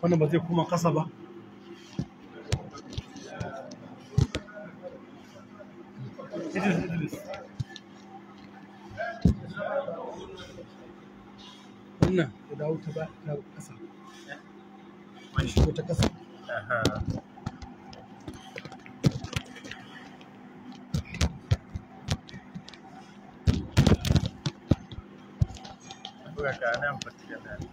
wannan ba zai koma ƙasa ba Idris Idris wannan ya dawo ta ba ta ƙasa ko ta ƙasa Bukan keadaan pertigaan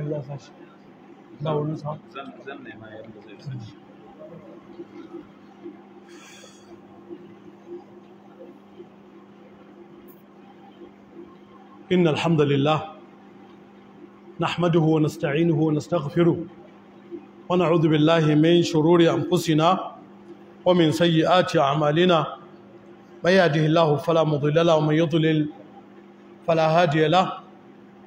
موبایل لا فش لا ولوس ها زن زن ما يبلز إن الحمد لله نحمده ونستعينه ونستغفره ونعوذ بالله من شرور أنفسنا ومن سيئات أعمالنا من يهده الله فلا مضل له ومن يضلل فلا هادي له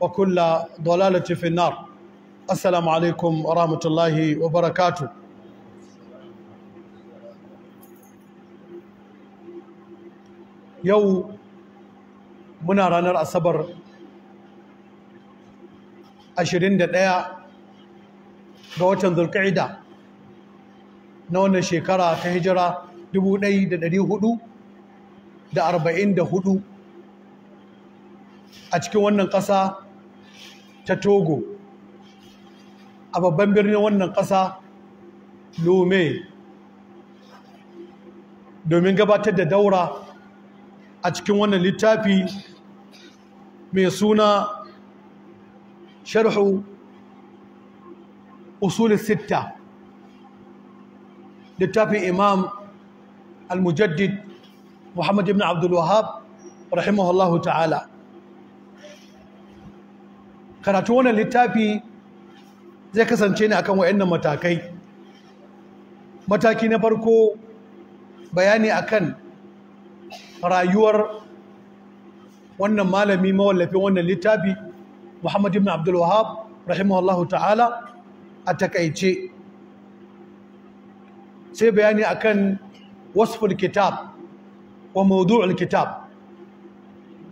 وكل ضلالة في النار السلام عليكم ورحمة الله وبركاته يو muna ranar asabar ɗaya ga watan zulka'ida na wannan shekara ta hijira huɗu, a cikin wannan ƙasa ta togo a babban birnin wannan ƙasa lome domin gabatar da daura a cikin wannan littafi mai suna sharhu usul sitta littafin imam al-mujaddid muhammad ibn Abdulwahab rahimahullahu ta'ala karatu wannan littafi zai kasance ne akan wayannan matakai mataki na farko bayani akan rayuwar wannan malami mawallafin wannan littafi Muhammad ibn Abdul Wahhab rahimahullahu ta'ala a takaice sai bayani akan wasful kitab wa mawdu'ul kitab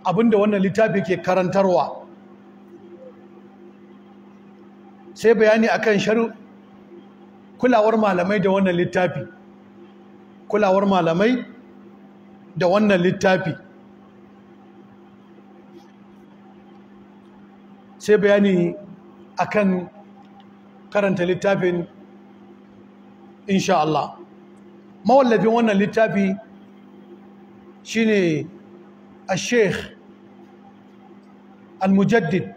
abinda wannan littafi ke karantarwa sai bayani akan sharu kulawar malamai da wannan littafi kulawar malamai da wannan littafi sai bayani akan karanta littafin insha Allah mawallafin wannan littafi shine a sheikh al-mujaddid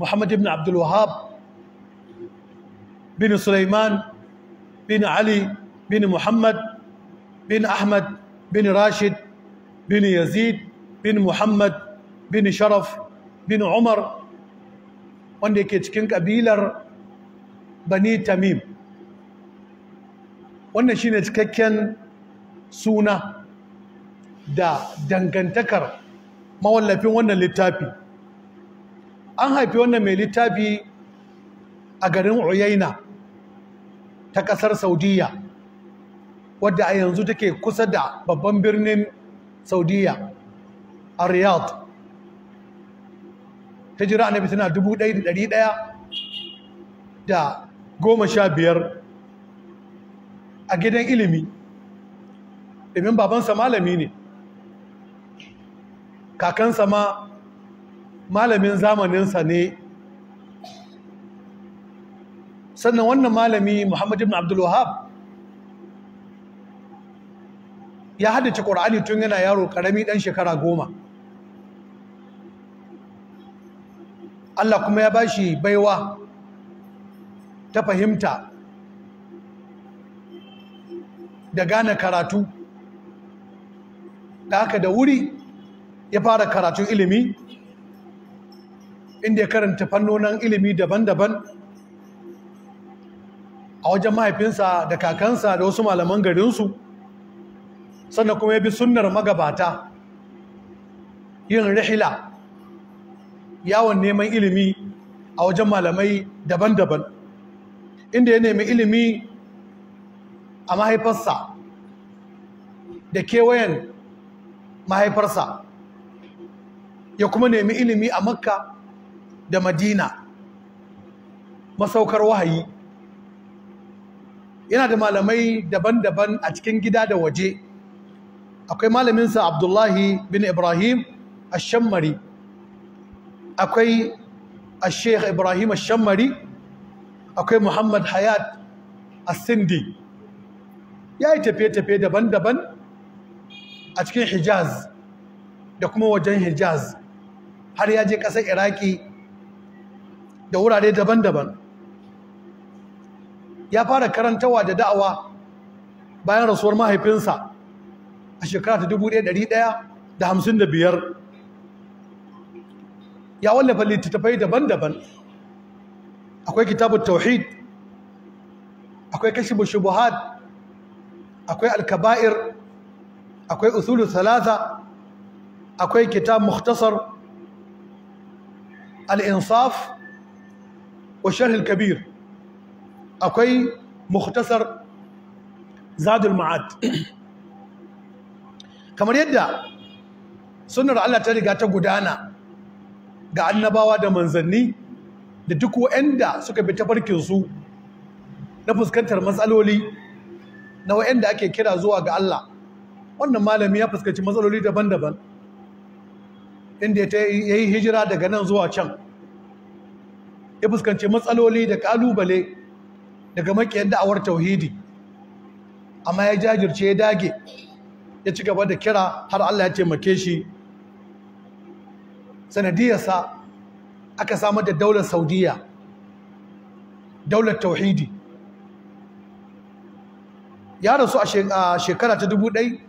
Muhammad ibn Abdul bin Suleiman, bin Ali bin Muhammad bin Ahmad bin Rashid bin Yazid bin Muhammad bin Sharaf bin Umar wanda yake cikin kabilar Bani Tamim wannan shine cikakken suna da dangantakar mawallafin wannan littafi an haifi wannan mai littafi a garin Uyaina ta ƙasar saudiya wadda a yanzu take kusa da babban birnin saudiya a riyadh ta jira annabi tana dubu ɗaya da ɗaya da goma sha biyar a gidan ilimi domin babansa malami ne kakansa ma malamin zamaninsa ne sannan wannan malami Muhammad ibn Abdul ya haddace Qur'ani tun yana yaro karami dan shekara goma Allah kuma ya bashi baiwa ta fahimta da gane karatu da haka da wuri ya fara karatun ilimi inda ya karanta fannonin ilimi daban-daban a wajen mahaifinsa da kakansa da wasu malaman garinsu sannan kuma ya bi sunnar magabata yin rihila yawon neman ilimi a wajen malamai daban-daban inda ya nemi ilimi a mahaifarsa da kewayen mahaifarsa ya kuma nemi ilimi a makka da madina masaukar wahayi yana da malamai daban-daban a cikin gida da waje akwai malaminsa abdullahi bin ibrahim ashammari akwai sheikh ibrahim ashammari akwai muhammad hayat a asindi ya yi tafiye-tafiye daban-daban a cikin hijaz da kuma wajen hijaz har ya je ƙasar iraki da wurare daban-daban ya fara karantawa da da'awa bayan rasuwar mahaifinsa a shekara ta biyar. ya wallafa littattafai daban-daban akwai kitabun tauhid akwai kashibu shubuhat akwai alkaba'ir akwai usulu salasa akwai kitab muhtasar al-insaf wa sharh kabir akwai muktasar zadul ma'ad kamar yadda sunar Allah ta riga ta gudana ga annabawa da manzanni da duk wa'anda suka bi tafarkin su na fuskantar matsaloli na wa'anda ake kira zuwa ga Allah wannan malami ya fuskanci matsaloli daban-daban inda ya yi hijira daga nan zuwa can ya fuskanci matsaloli da kalubale daga makiyar da'awar tauhidi amma ya jajirce ya dage ya ci gaba da kira har Allah ya taimake shi sanadiyarsa aka samar da daular saudiya daular tauhidi ya rasu a shekara ta dubu ɗai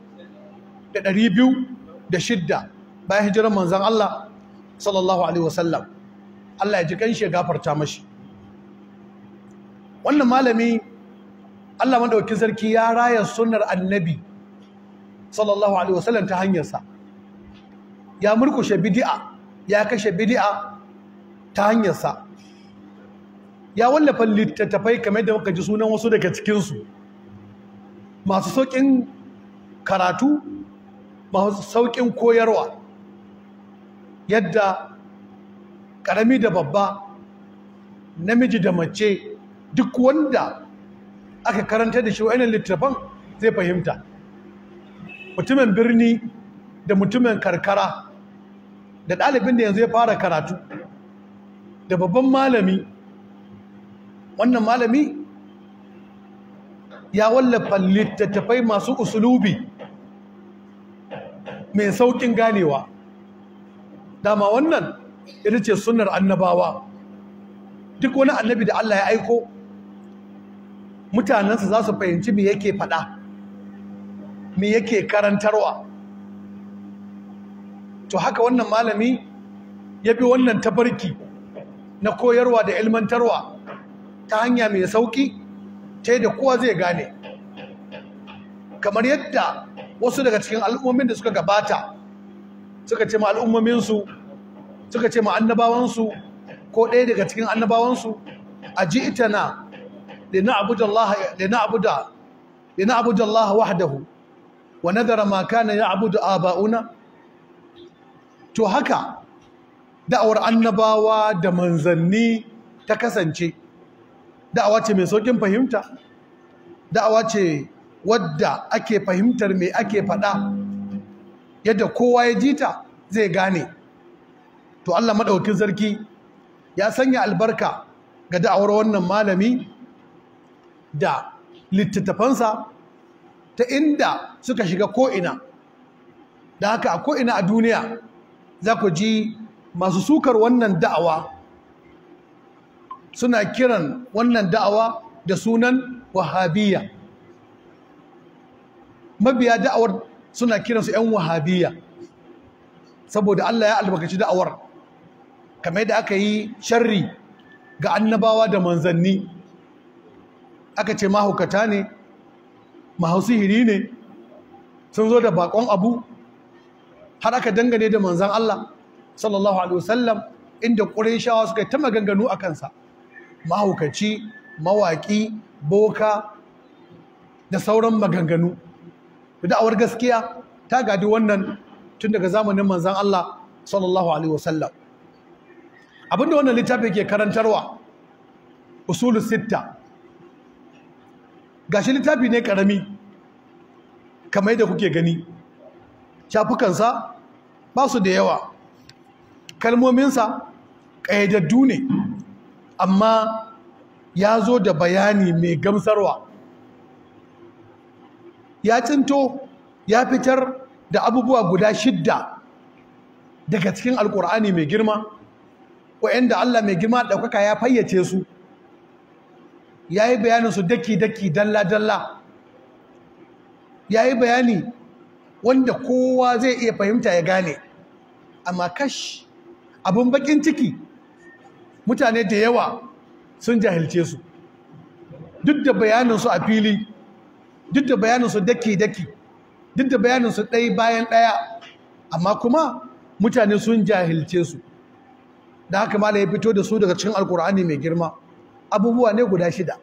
da ɗari biyu da shidda bayan hijirar manzan Allah sallallahu alaihi wasallam Allah ya ji kan shi ya gafarta mashi wannan malami Allah madaukakin sarki ya raya sunar annabi sallallahu alaihi wasallam ta hanyarsa ya murkushe bidi'a, ya kashe bidi'a ta hanyarsa ya wallafa littattafai kamar da muka ji sunan wasu daga cikinsu masu sauƙin karatu masu sauƙin koyarwa yadda ƙarami da babba namiji da mace duk wanda aka karanta da shi wa'annan littafan zai fahimta mutumin birni da mutumin karkara da ɗalibin da yanzu ya fara karatu da babban malami wannan malami ya wallafa littattafai masu usulubi mai saukin ganewa dama wannan ita ce sunar annabawa duk wani annabi da Allah ya aiko mutanensa za su fahimci me yake faɗa me yake karantarwa to haka wannan malami ya bi wannan tabarki na koyarwa da ilmantarwa ta hanya mai sauki ta da kowa zai gane kamar yadda wasu daga cikin al'ummomin da suka gabata suka ce ma al'ummominsu suka ce ma annabawansu ko ɗaya daga cikin annabawansu a ji ita na لنعبد الله لنعبد لنعبد الله وحده ونذر ما كان يعبد آباؤنا to haka da'awar annabawa da manzanni ta kasance da'awa ce mai saukin fahimta da'awa ce wadda ake fahimtar me ake faɗa yadda kowa ya ji ta zai gane to Allah maɗaukin sarki ya sanya albarka ga da'awar wannan malami da littattafansa ta inda suka shiga ko'ina da haka a ko'ina a duniya za ku ji masu sukar wannan da'awa suna kiran wannan da'awa da sunan wahabiyya mabiya da'awar suna kiransu 'yan wahabiyya saboda Allah ya albarkaci da'awar kamar da aka yi sharri ga annabawa da manzanni aka ce mahaukata ne mahausihiri ne sun zo da bakon abu har aka dangane da manzan Allah sallallahu alaihi wasallam inda ƙurayshawa suka ta maganganu a kansa mahaukaci mawaƙi boka da sauran maganganu da da'awar gaskiya ta gadi wannan tun daga zamanin manzan Allah sallallahu alaihi wasallam abinda wannan littafi ke karantarwa usulu sitta gashi littafi ne karami kamar yadda kuke gani shafukansa ba su da yawa kalmominsa ƙayyadaddu ne amma ya zo da bayani mai gamsarwa ya cinto ya fitar da abubuwa guda shidda daga cikin alkur'ani mai girma wa'yanda Allah mai girma ɗaukaka ya fayyace su ya yi bayanin su daki-daki dalla-dalla ya yi bayani wanda kowa zai iya fahimta ya gane amma kash abin bakin ciki mutane da yawa sun jahilce su duk da bayaninsu a fili duk da bayaninsu daki-daki duk da bayaninsu ɗai bayan ɗaya amma kuma mutane sun jahilce su da haka ma ya fito da su daga cikin alkur'ani mai girma abubuwa ne guda shida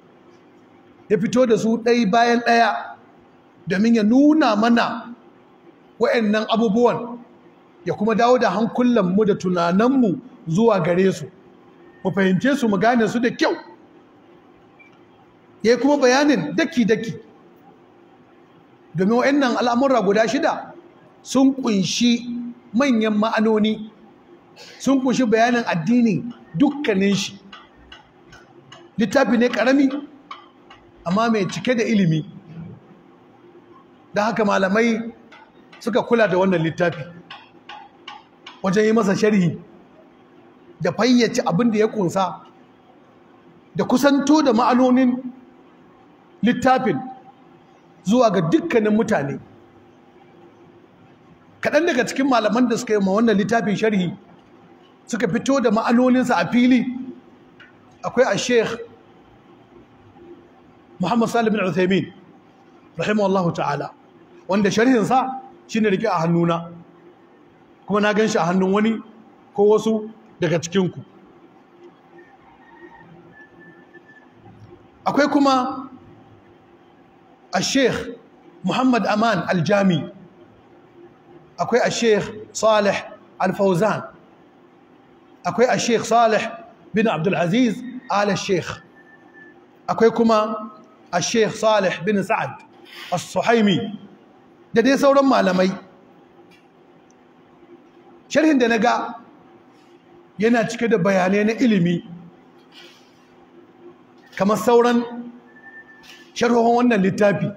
ya fito da su ɗai bayan ɗaya domin ya nuna mana wa'annan abubuwan ya kuma dawo da hankulanmu da tunananmu zuwa gare su mu fahimce su mu gane su da kyau ya kuma bayanin daki-daki domin wa'annan al'amura guda shida sun kunshi manyan ma'anoni sun kunshi bayanin addini dukkanin shi littafi ne karami amma mai cike da ilimi don haka malamai suka kula da wannan littafi wajen yi masa sharhi da fayyace abin da ya kunsa da kusanto da ma'anonin littafin zuwa ga dukkanin mutane kaɗan daga cikin malaman da suka yi ma wannan littafin sharhi suka fito da ma'anoninsa a fili akwai a sheikh muhammad salim bin uthaymin rahimahullahu ta'ala wanda sharhinsa shine rike a hannuna kuma na gan shi a hannun wani ko wasu daga cikinku akwai kuma a sheikh muhammad aman aljami akwai a sheikh salih alfauzan akwai a sheikh salih bin abdulaziz ala sheikh akwai kuma a sheikh salih bin sa'ad al suhaimi da dai sauran malamai sharhin da na ga yana cike da bayanai na ilimi kamar sauran sharhohon wannan littafi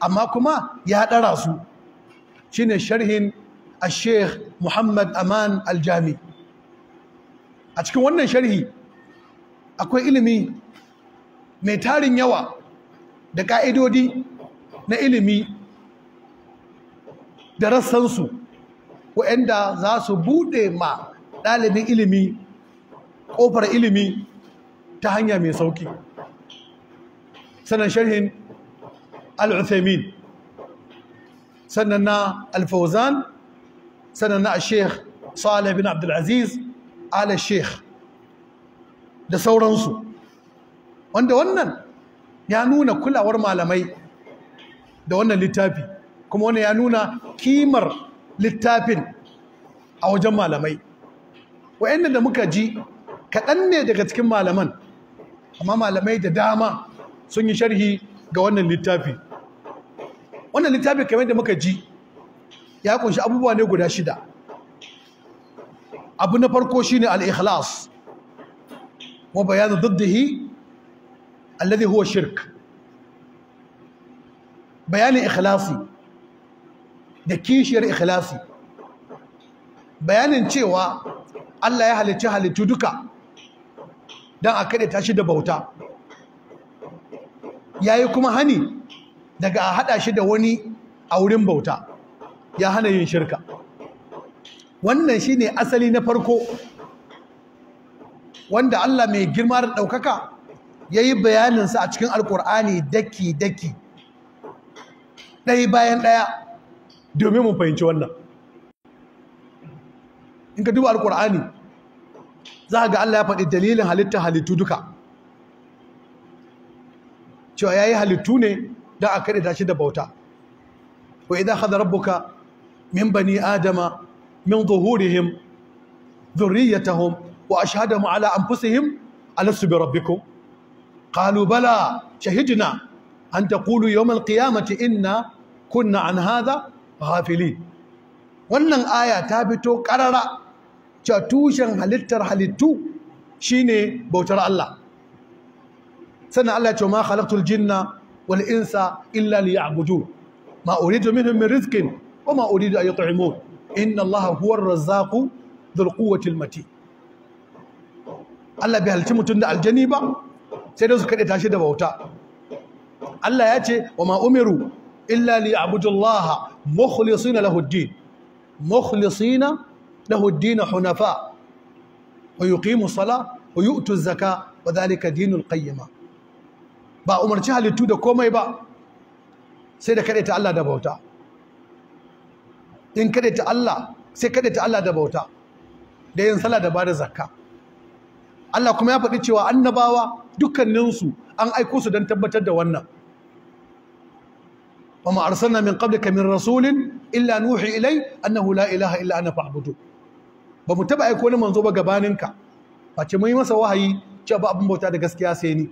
amma kuma ya ɗara su shine sharhin a sheikh muhammad aman aljami a cikin wannan sharhi akwai ilimi mai tarin yawa da ka'idodi na ilimi da rassansu waɗanda za su buɗe ma ɗalibin ilimi ƙofar ilimi ta hanya mai sauƙi sannan sharhin al-uthaymin sannan na al-fawzan sannan na al-sheikh salih bin abdulaziz ala sheikh da sauransu wanda wannan ya nuna kulawar malamai da wannan littafi kuma wannan ya nuna kimar littafin a wajen malamai wa'yan da muka ji kaɗan ne daga cikin malaman amma malamai da dama sun yi sharhi ga wannan littafi wannan littafi kamar da muka ji ya kunshi abubuwa ne guda shida abu na farko shine al-ikhlas وبيان ضده الذي هو شرك بيان إخلاصي da kishiyar ikhlasi bayanin cewa Allah ya halicci halittu duka don a kaɗe tashi da bauta Yayi kuma hani daga a haɗa shi da wani a wurin bauta ya hana yin shirka wannan shine asali na farko wanda Allah mai girma da ɗaukaka ya yi bayaninsa a cikin alkur'ani daki-daki ɗaya bayan ɗaya domin mu fahimci wannan in ka duba alkur'ani za ga Allah ya faɗi dalilin halitta halittu duka cewa ya yi halittu ne don a kaɗe shi da bauta wa idan haɗa rabbuka min bani adama min zuhurihim zurriyatahum وأشهدهم على أنفسهم ألست بربكم قالوا بلى شهدنا أن تقولوا يوم القيامة إنا كنا عن هذا غافلين wannan aya ta fito karara cewa tushen halittar halittu shine bautar Allah sannan Allah ya ce ma khalaqtul jinna wal insa illa liya'budun ma uridu minhum min rizqin wa ma uridu an yut'imun inna Allah huwa ar-razzaqu dhul quwwati al-matin Allah bai halci mutum da aljani ba sai dai su kaɗe tashi da bauta Allah ya ce wa ma umiru illa li abudullah mukhlisina lahu ad-din mukhlisina lahu ad-din hunafa wa yuqimu sala wa yu'tu zaka wa dhalika dinul qayyima ba umarci halittu da komai ba sai da kaɗe ta Allah da bauta in kaɗe ta Allah sai kaɗe ta Allah da bauta da yin sallah da ba da zakka Allah kuma ya faɗi cewa annabawa dukkaninsu an aiko su dan tabbatar da wannan. Ba arsana min qabli min rasulin illa nuhi ilai annahu la ilaha illa ana fa'budu. Ba mu taba aiko ni manzo ba gabaninka. Ba ce mai masa wahayi ce ba abin bauta da gaskiya sai ni.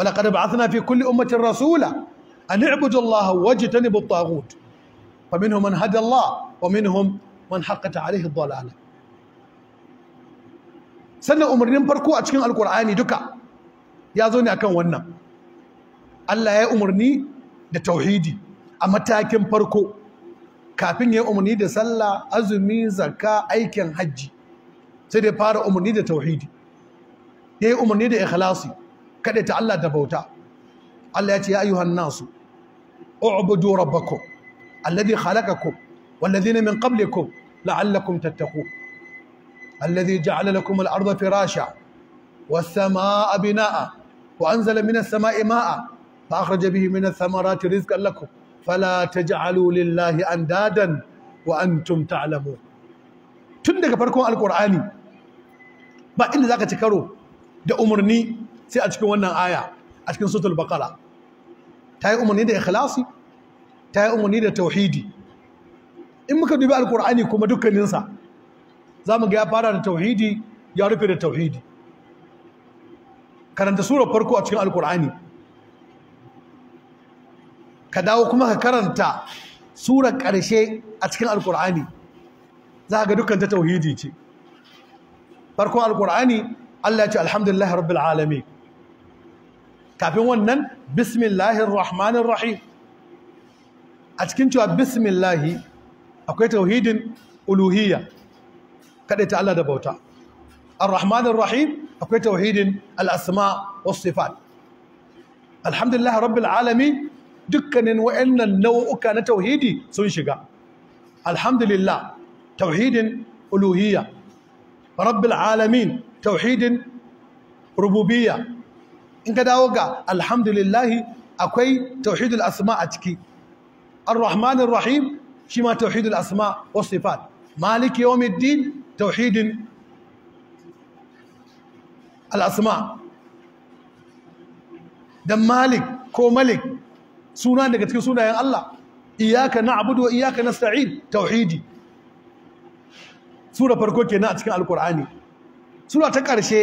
ولقد بعثنا في كل أمة رسولا أن اعبدوا الله واجتنبوا الطاغوت فمنهم wa هدى الله ومنهم من حقت عليه الضلالة sannan umarnin farko a cikin alkur'ani duka ya zo ne akan wannan Allah ya umarni da tauhidi a matakin farko kafin ya umarni da sallah azumi zakka aikin hajji sai da fara umarni da tauhidi ya yi umarni da ikhlasi kada ta Allah da bauta Allah ya ce ya ayyuhan nasu u'budu rabbakum alladhi khalaqakum والذين من قبلكم la'allakum تتقون الذي جعل لكم الأرض فراشا والسماء بناء وأنزل من السماء ماء فأخرج به من الثمرات رزقا لكم فلا تجعلوا لله أندادا وأنتم تعلمون tun daga farkon alkur'ani ba inda zaka ci karo da umarni sai a cikin wannan aya a cikin sutul baqara ta yi umarni da ikhlasi ta yi umarni da tauhidi in muka dubi alkur'ani kuma dukkaninsa za mu ga ya fara da tauhidi ya rufe da tauhidi karanta surar farko a cikin alkur'ani ka dawo kuma ka karanta surar ƙarshe a cikin alkur'ani za ga dukkan ta tauhidi ce farkon alkur'ani Allah ya ce alhamdulillah rabbil alamin kafin wannan bismillahir rahmanir rahim a cikin cewa bismillah akwai tauhidin uluhiyya Kaɗaita Allah da bauta ar-rahman rahim akwai tauhidin al wasifat was sifat alhamdulillah rabbil alamin dukkanin wayannan nau'uka na tauhidi sun shiga alhamdulillah tauhidin uluhiyya rabbil alamin tauhidin rububiyya in ka dawo ga alhamdulillahi akwai tauhidul asma a ciki ar-rahman rahim shi ma tauhidul asma wasifat sifat maliki tauhidin al'asma dan malik ko malik suna daga cikin sunayen Allah iyaka na'budu wa iyaka nasta'in tauhidi sura farko kenan a cikin alkur'ani sura ta ƙarshe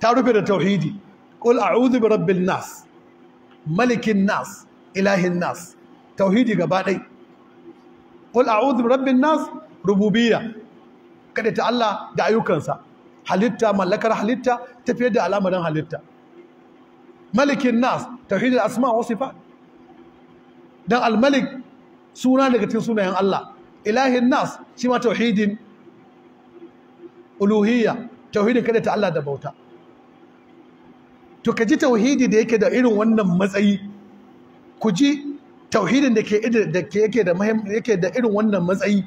ta rufe da tauhidi qul a'udhu bi rabbil nas malikin nas ilahin nas tauhidi gaba ɗai qul a'udhu nas rububiyya ta Allah da ayyukansa halitta mallakar halitta tafiyar da al'amarin halitta malikin nas tauhidul asma wa sifat dan al-malik suna daga cikin sunayen Allah ilahin nas shi ma tauhidin uluhiyya tauhidin kada Allah da bauta to kaji tauhidi da yake da irin wannan matsayi ku ji tauhidin da ke da yake da yake da irin wannan matsayi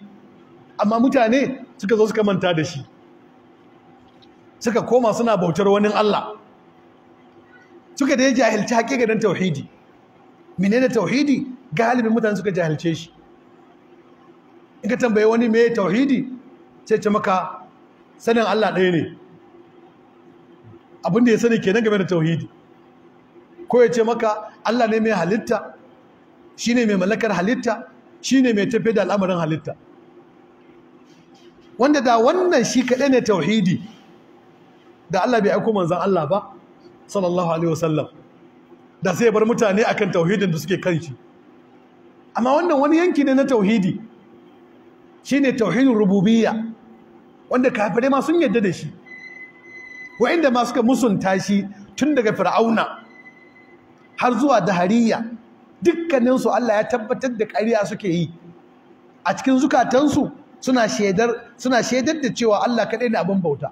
amma mutane suka zo suka manta da shi suka koma suna bautar wani Allah suka da jahilci hakikanin tauhidi menene tauhidi galibin mutane suka jahilce shi in ka tambaye wani me tauhidi sai ce maka sanin Allah ɗaya ne Abinda ya sani ke nan game da tauhidi ko ya ce maka Allah ne mai halitta shi ne mai mallakar halitta shi ne mai tafi da al'amarin halitta wanda da wannan shi kaɗai ne tauhidi da Allah bai aiko manzan Allah ba sallallahu alaihi wasallam da sai ya bar mutane akan tauhidin da suke kan shi amma wannan wani yanki ne na tauhidi shine tauhidin rububiyya wanda kafirai ma sun yadda da shi wa'inda ma suka musunta shi tun daga fir'auna har zuwa dahariya dukkaninsu Allah ya tabbatar da ƙarya suke yi a cikin zukatansu suna shaidar suna shaidar da cewa Allah kaɗai ne abin bauta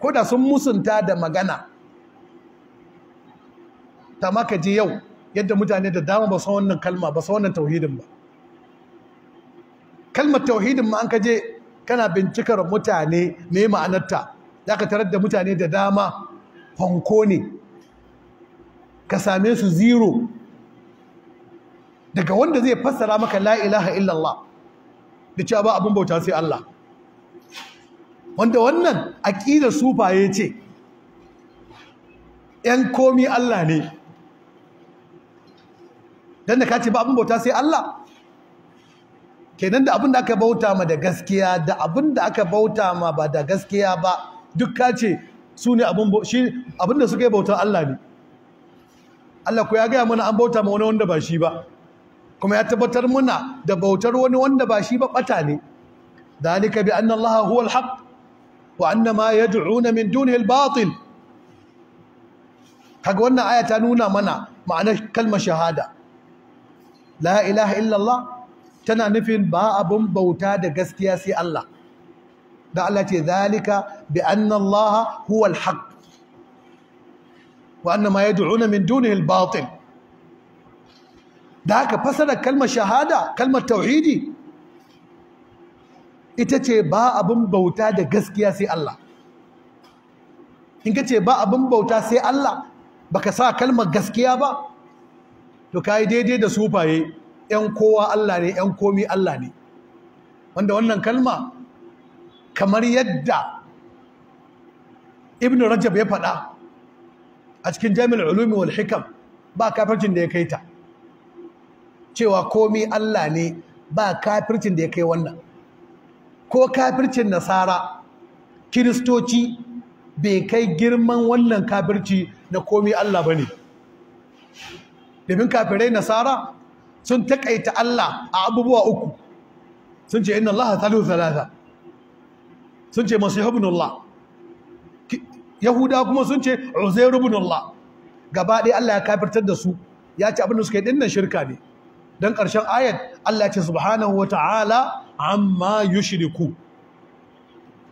ko da sun musunta da magana ta maka ji yau yadda mutane da dama ba san wannan kalma ba san wannan tauhidin ba kalmar tauhidin ma an kaje kana bincikar mutane me ma'anarta za ka tarar da mutane da dama fanko ne ka same su zero daga wanda zai fassara maka la ilaha illallah da cewa ba abin bauta sai Allah wanda wannan sufa sufaye ce ‘yan komi Allah ne don da ka ce ba abin bauta sai Allah kenan da abin da aka bauta ma da gaskiya da abin da aka bauta ma ba da gaskiya ba duk ka ce su ne abin da suka yi bautar Allah ne Allah ku ya gaya mana an bauta ma wani wanda ba shi ba kuma ya tabbatar muna da bautar wani wanda ba shi ba bata ne dalika bi anna allaha huwa alhaq wa anna ma yad'una min dunihi albatil kaga wannan aya ta nuna mana ma'anar kalmar shahada la ilaha illa allah tana nufin ba abun bauta da gaskiya sai Allah da Allah ce dalika bi anna Allah huwa al wa anna ma yad'una min dunihi al-batil da haka fasarar kalmar shahada kalmar tauhidi ita ce ba abin bauta da gaskiya sai Allah in ka ce ba abin bauta sai Allah baka sa kalmar gaskiya ba to yi daidai da sufaye yan kowa Allah ne yan komi Allah ne wanda wannan kalma kamar yadda ibn rajab ya faɗa a cikin jami'ul ulumi wal hikam ba kafircin da ya kai ta cewa komi Allah ne ba kafircin da ya kai wannan ko kafircin nasara kiristoci bai kai girman wannan kafirci na komi Allah ba ne domin kafirai nasara sun taƙaita Allah a abubuwa uku sun ce inna Allah thalu thalatha sun ce masu Allah yahuda kuma sun ce uzairu ibn Allah gaba ɗaya Allah ya kafirtar da su ya ce abin da suka yi dinnan shirka ne dan ƙarshen ayat Allah ce subhanahu wata'ala amma yushriku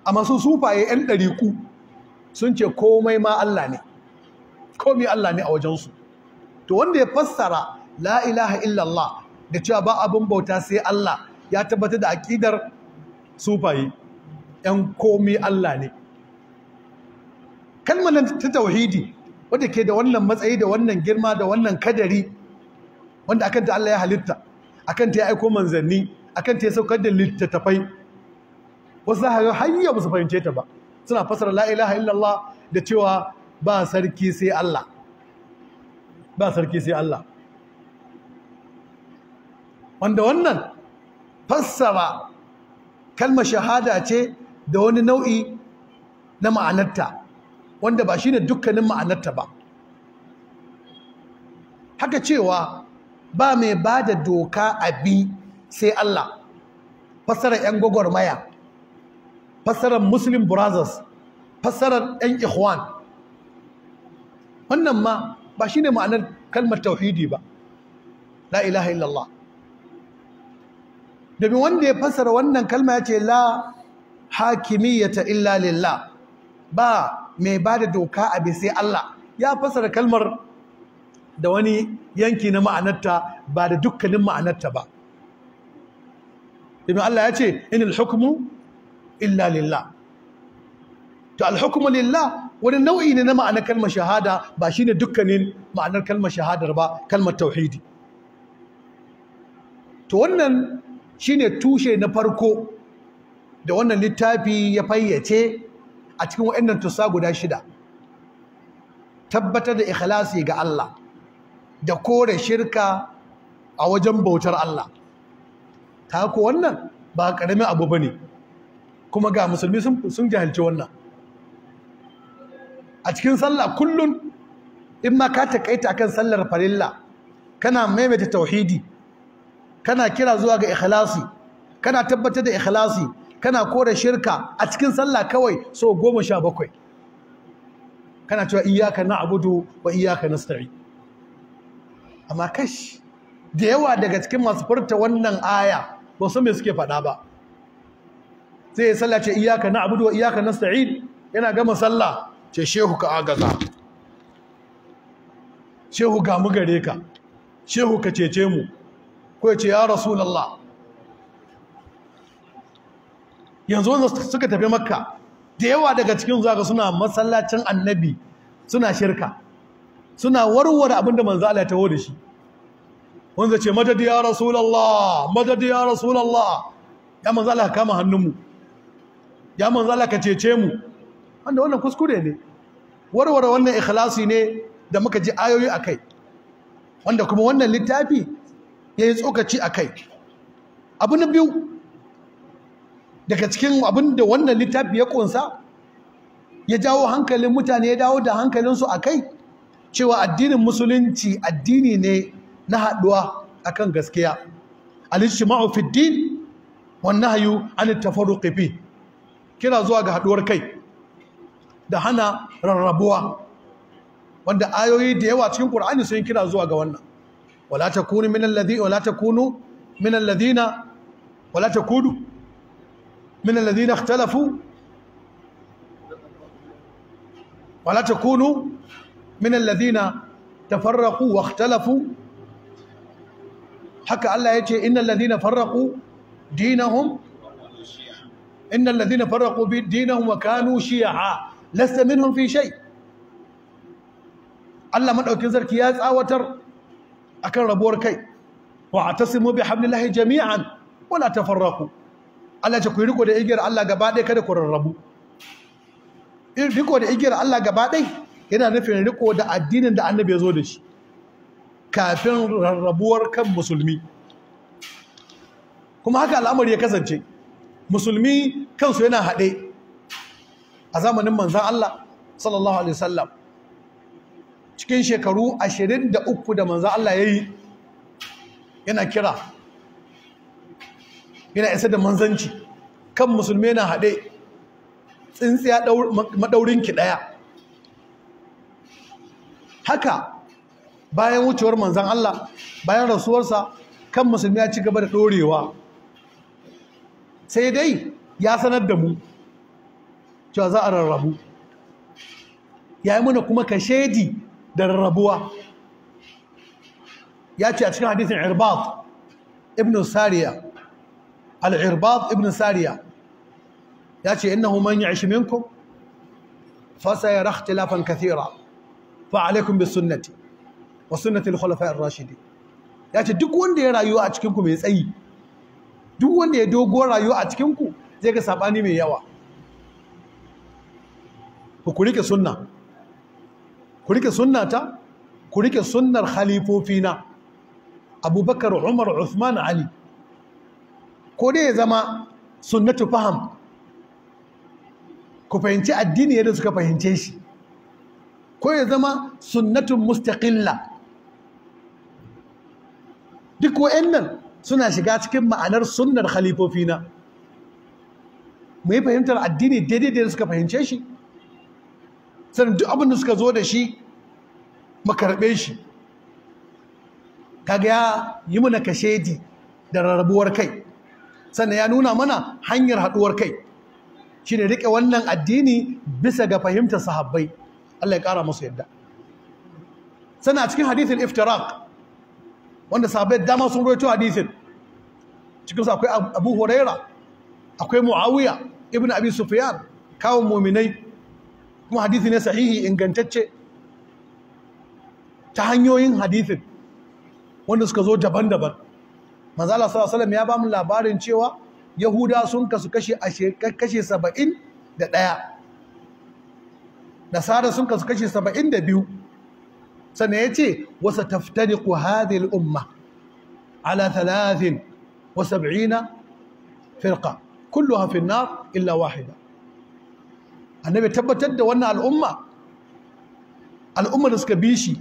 amma su sufaye yan ɗariku sun ce komai ma Allah ne komai Allah ne a wajensu to wanda ya fassara la ilaha illallah da cewa ba abin bauta sai Allah ya tabbatar da aƙidar sufaye yan komai Allah ne kalmar ta tauhidi wadda ke da wannan matsayi da wannan girma da wannan kadari wanda akan ta Allah ya halitta akan ta ya aiko manzanni akan ta ya saukar da littattafai wasu za har yau su fahimce ta ba suna fasara la ilaha illallah da cewa ba sarki sai Allah ba sarki sai Allah wanda wannan fassara kalmar shahada ce da wani nau'i na ma'anarta wanda ba shine dukkanin ma'anarta ba haka cewa ba mai ba da doka a bi sai Allah fasarar 'yan gwagwarmaya fasarar muslim brothers fasarar 'yan ikhwan wannan ma ba shine ma'anar kalmar tauhidi ba la ilaha illallah domin wanda ya fasara wannan kalma ya ce la hakimiyyata illa lillah ba mai ba da doka a sai Allah ya fasara kalmar da wani yanki na ma'anarta ba da dukkanin ma'anarta ba ibn Allah ya ce inil hukmu illa lillah to alhukmu lillah wani nau'i ne na ma'anar kalmar shahada ba shine dukkanin ma'anar kalmar shahadar ba kalmar tauhidi to wannan shine tushe na farko da wannan littafi ya fayyace a cikin waɗannan tusa guda shida tabbatar da ikhlasi ga Allah da kore shirka a wajen bautar Allah ta ko wannan ba ƙaramin abu ba ne kuma ga musulmi sun jahilci wannan a cikin sallah kullum in ma ka takaita akan sallar farilla kana maimaita tauhidi kana kira zuwa ga ikhlasi kana tabbatar da ikhlasi kana kore shirka a cikin sallah kawai so goma sha bakwai kana cewa iyaka na abudu wa iyaka nasta'in amma kashi. da yawa daga cikin masu furta wannan aya ba su mai suke faɗa ba sai ya sallah ce iyaka na abudu wa iyaka Sa'id. yana gama sallah ce shehu ka agaza shehu ga mu gare ka shehu ka cece mu ko ya ce ya rasulullah yanzu wanda suka tafi makka da yawa daga cikin zaga suna masallacin annabi suna shirka suna warware abin da manzo Allah ya taho da shi wanda ce madadi ya rasulullah madadi ya rasulullah ya manzo Allah kama hannunmu ya manzo Allah ka cece mu wanda wannan kuskure ne warware wannan ikhlasi ne da muka ji ayoyi akai wanda kuma wannan littafi yayi tsokaci akai abu na biyu daga cikin abin da wannan littafi ya kunsa ya jawo hankalin mutane ya dawo da hankalinsu a kai cewa addinin musulunci addini ne na haɗuwa akan gaskiya al-ijtima'u fi din wan hayu an tafarruqi fi kira zuwa ga haɗuwar kai da hana rarrabuwa wanda ayoyi da yawa cikin Qur'ani sun kira zuwa ga wannan wala takunu min alladhi wala takunu min alladhina wala takunu min alladhina ikhtalafu wala takunu min alladhina tafarraqu wa ikhtalafu haka Allah yace innal ladhina farraqu dinahum innal ladhina farraqu dinahum wa kanu shi'a lasta minhum fi shay Allah madaukin sarki ya tsawatar akan rabuwar kai wa atasimu bihablillahi jami'an wala tafarraqu Allah ce ku riko da igiyar Allah gaba kada ku rarrabu da Allah yana nufin riko da addinin da annabi ya zo da shi kafin rarrabuwar kan musulmi kuma haka al'amari ya kasance musulmi kansu yana haɗe a zamanin manzan Allah sallallahu alaihi wasallam cikin shekaru ashirin da uku da manzan Allah ya yi yana kira yana isa da manzanci kan musulmi yana haɗe tsintsiya maɗaurin ki ɗaya haka bayan wucewar manzan Allah bayan rasuwarsa kan musulmi ya ci gaba da ɗorewa sai dai ya sanar da mu cewa za a rarrabu ya yi mana kuma ka shaidi da rarrabuwa ya ce a cikin hadisin irbat ibn sariya al-irbat ibn sariya ya ce innahu man ya'ish minkum fa sayara ikhtilafan kathira fa alaikum bi sunnati wa sunnati al-khulafa ar-rashidin yace duk wanda ya rayuwa a cikin ku mai tsayi duk wanda ya dogo rayuwa a cikin ku zai ga sabani mai yawa ku rike sunna ku rike sunnata ku rike sunnar Halifofina abubakar umar Usman ali ko dai ya zama sunnatu faham ku fahimci addini yadda suka fahimce shi ko ya zama sunnatun mustaqilla duk wa'annan suna shiga cikin ma'anar sunnar khalifofina mu yi fahimtar addini daidai da suka fahimce shi sannan duk abin da suka zo da shi mu karɓe shi kaga ya yi mana kashedi da rarrabuwar kai sannan ya nuna mana hanyar haɗuwar kai shine riƙe wannan addini bisa ga fahimtar sahabbai Allah ya kara musu yadda sana cikin hadithin iftiraq wanda sahabbai dama sun rawaito hadithin cikin akwai Abu Huraira akwai Muawiya ibn Abi Sufyan kawun muminai kuma hadithi ne sahihi ingantacce ta hanyoyin hadithin wanda suka zo daban-daban manzo Allah sallallahu alaihi wasallam ya ba mu labarin cewa Yahuda sun kasu kashe kashe 71 nasara sun kasu kashi saba'in da biyu sannan ya ce wasa ku hadhihi umma ala talatin wa sab'ina firqa kulluha fi illa wahida annabi tabbatar da wannan al'umma al'umma da suka bi shi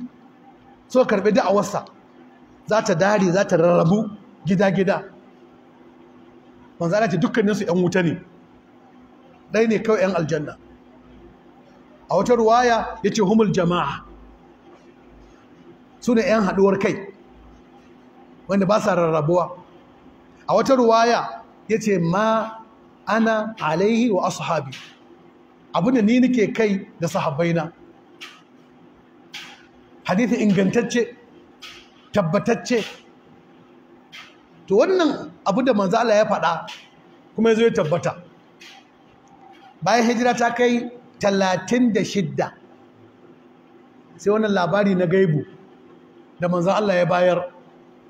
suka karbi da'awarsa za ta dare za ta rarrabu gida-gida manzo ce dukkaninsu 'yan wuta ne ɗaya ne kawai 'yan aljanna a wata ruwaya ya ce humul jama'a su ne 'yan haɗuwar kai wanda ba sa rarrabuwa a wata ruwaya ya ce ma ana alaihi wa ashabi abinda ni nike kai da sahabbaina hadithi ingantacce tabbatacce to wannan abu da Manzala ya faɗa kuma ya zo ya tabbata bayan hijira ta kai talatin da shidda sai wannan labari na gaibu da manzan Allah ya bayar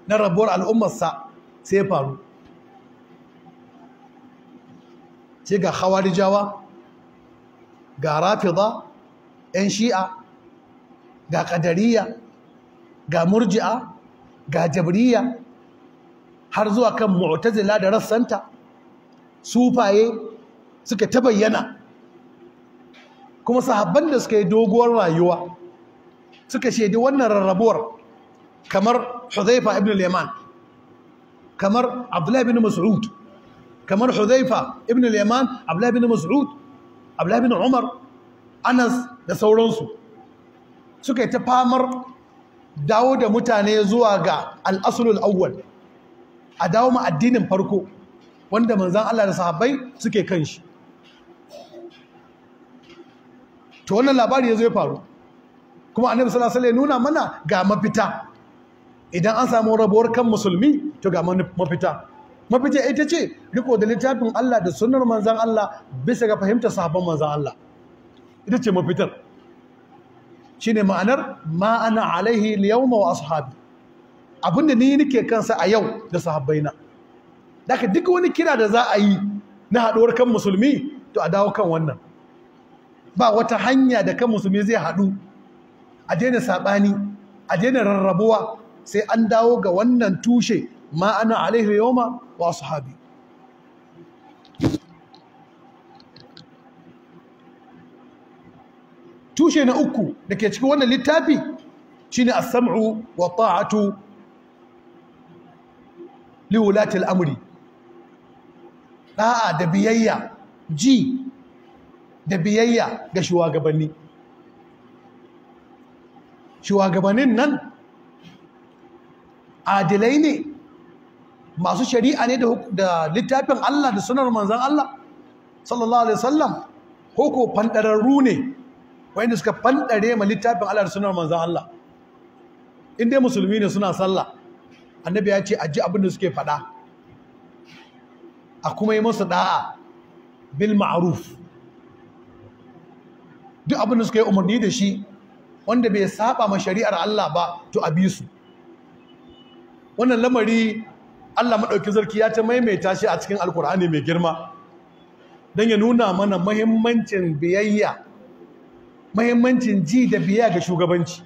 na rabuwar al'ummarsa sai ya faru sai ga hawarijawa ga rafiza 'yan shi'a ga ƙadariya ga murji'a ga jabriya har zuwa kan mu'tazila da rassanta sufaye suka ta bayyana kuma sahabban da suka yi doguwar rayuwa suka shaidi wannan rarrabuwar kamar Hudhaifa ibn al-Yaman kamar Abdullah ibn Mas'ud kamar Hudhaifa ibn al-Yaman Abdullah ibn Mas'ud Abdullah ibn Umar Anas da sauransu suka yi ta famar dawo da mutane zuwa ga al-aslul awwal a dawo ma addinin farko wanda manzon Allah da sahabbai suke kan shi to wannan labari ya zo ya faru kuma annabi sallallahu alaihi nuna mana ga mafita idan an samu rabuwar kan musulmi to ga mafita mafita ita ce riko da littafin Allah da sunnar manzan Allah bisa ga fahimtar sahabban manzan Allah ita ce mafitar shine ma'anar ma ana alaihi liyawma wa ashabi abinda ni nake kansa a yau da sahabbaina daka duk wani kira da za a yi na haɗuwar kan musulmi to a dawo kan wannan ba wata hanya da kan musulmi zai haɗu a daina saɓani a daina rarrabuwa sai an dawo ga wannan tushe ma ana alaihi Yoma wa sahabi tushe na uku da ke cikin wannan littafi shine a samu wa ta'atu liwulatil amuri amri da biyayya ji da biyayya ga shugabanni shugabannin nan adilai ne masu shari'a ne da littafin Allah da sunar manzan Allah sallallahu alaihi wasallam ko ko fandararru ne wanda suka fandare ma littafin Allah da sunar manzan Allah in dai musulmi ne suna sallah annabi ya ce aji abin da suke faɗa a kuma yi musu da'a bil ma'ruf duk abin da suka yi umarni da shi wanda bai saba ma shari'ar Allah ba to a bi su wannan lamari Allah madauki zarki ya ta maimaita shi a cikin alkur'ani mai girma dan ya nuna mana mahimmancin biyayya mahimmancin ji da biyayya ga shugabanci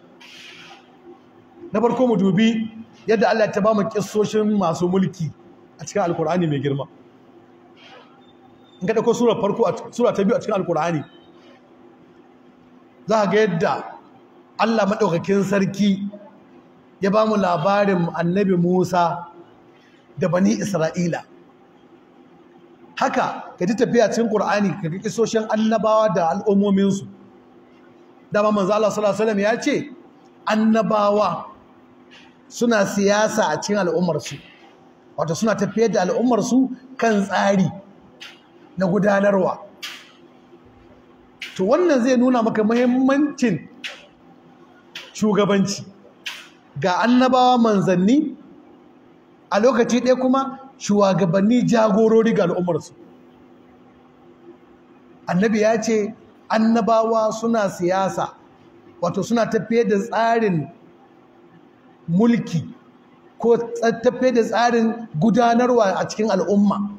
na farko mu dubi yadda Allah ta ba mu kissoshin masu mulki a cikin alkur'ani mai girma in ka dauko sura farko sura ta biyu a cikin alkur'ani za a ga yadda Allah maɗaukakin sarki ya ba mu labarin annabi Musa da bani Isra'ila haka ka ji tafiya cikin ƙur'ani ka ga ƙisoshin annabawa da al'ummominsu dama manzo Allah sallallahu alaihi ya ce annabawa suna siyasa a cikin al'ummarsu wato suna tafiya da al'ummarsu kan tsari na gudanarwa to wannan zai nuna maka muhimmancin shugabanci ga annabawa manzanni a lokaci ɗaya kuma shugabanni jagorori ga al'ummarsu annabi ya ce annabawa suna siyasa wato suna tafiye da tsarin mulki ko tafiye da tsarin gudanarwa a cikin al'umma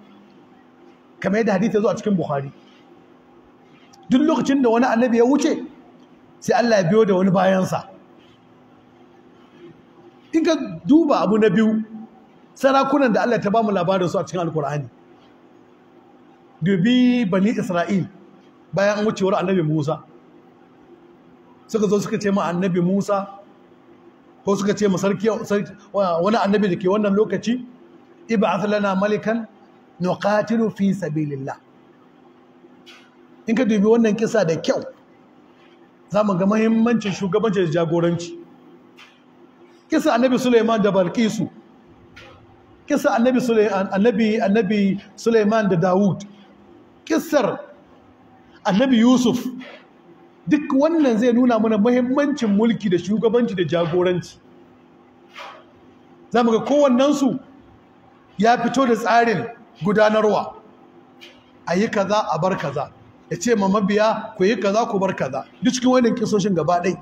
kamar yadda hadith ya zo a cikin buhari duk lokacin da wani annabi ya wuce sai Allah ya biyo da wani bayansa in ka duba abu na biyu sarakunan da Allah ta ba mu labarin su a cikin alkur'ani dubi bani isra'il bayan an wucewar annabi musa suka zo suka ce ma annabi musa ko suka ce ma sarki wani annabi da ke wannan lokaci ib'ath lana malikan nuqatilu fi sabilillah in ka dubi wannan kisa da kyau za mu ga mahimmancin shugabanci da jagoranci kisa annabi suleiman da balkisu kisa annabi suleiman da dawud kisar annabi yusuf duk wannan zai nuna mana mahimmancin mulki da shugabanci da jagoranci za mu ga kowannensu ya fito da tsarin gudanarwa a yi kaza a bar kaza ya ce ma mabiya ku yi kaza ku bar kaza duk cikin wannan kisoshin gaba ɗai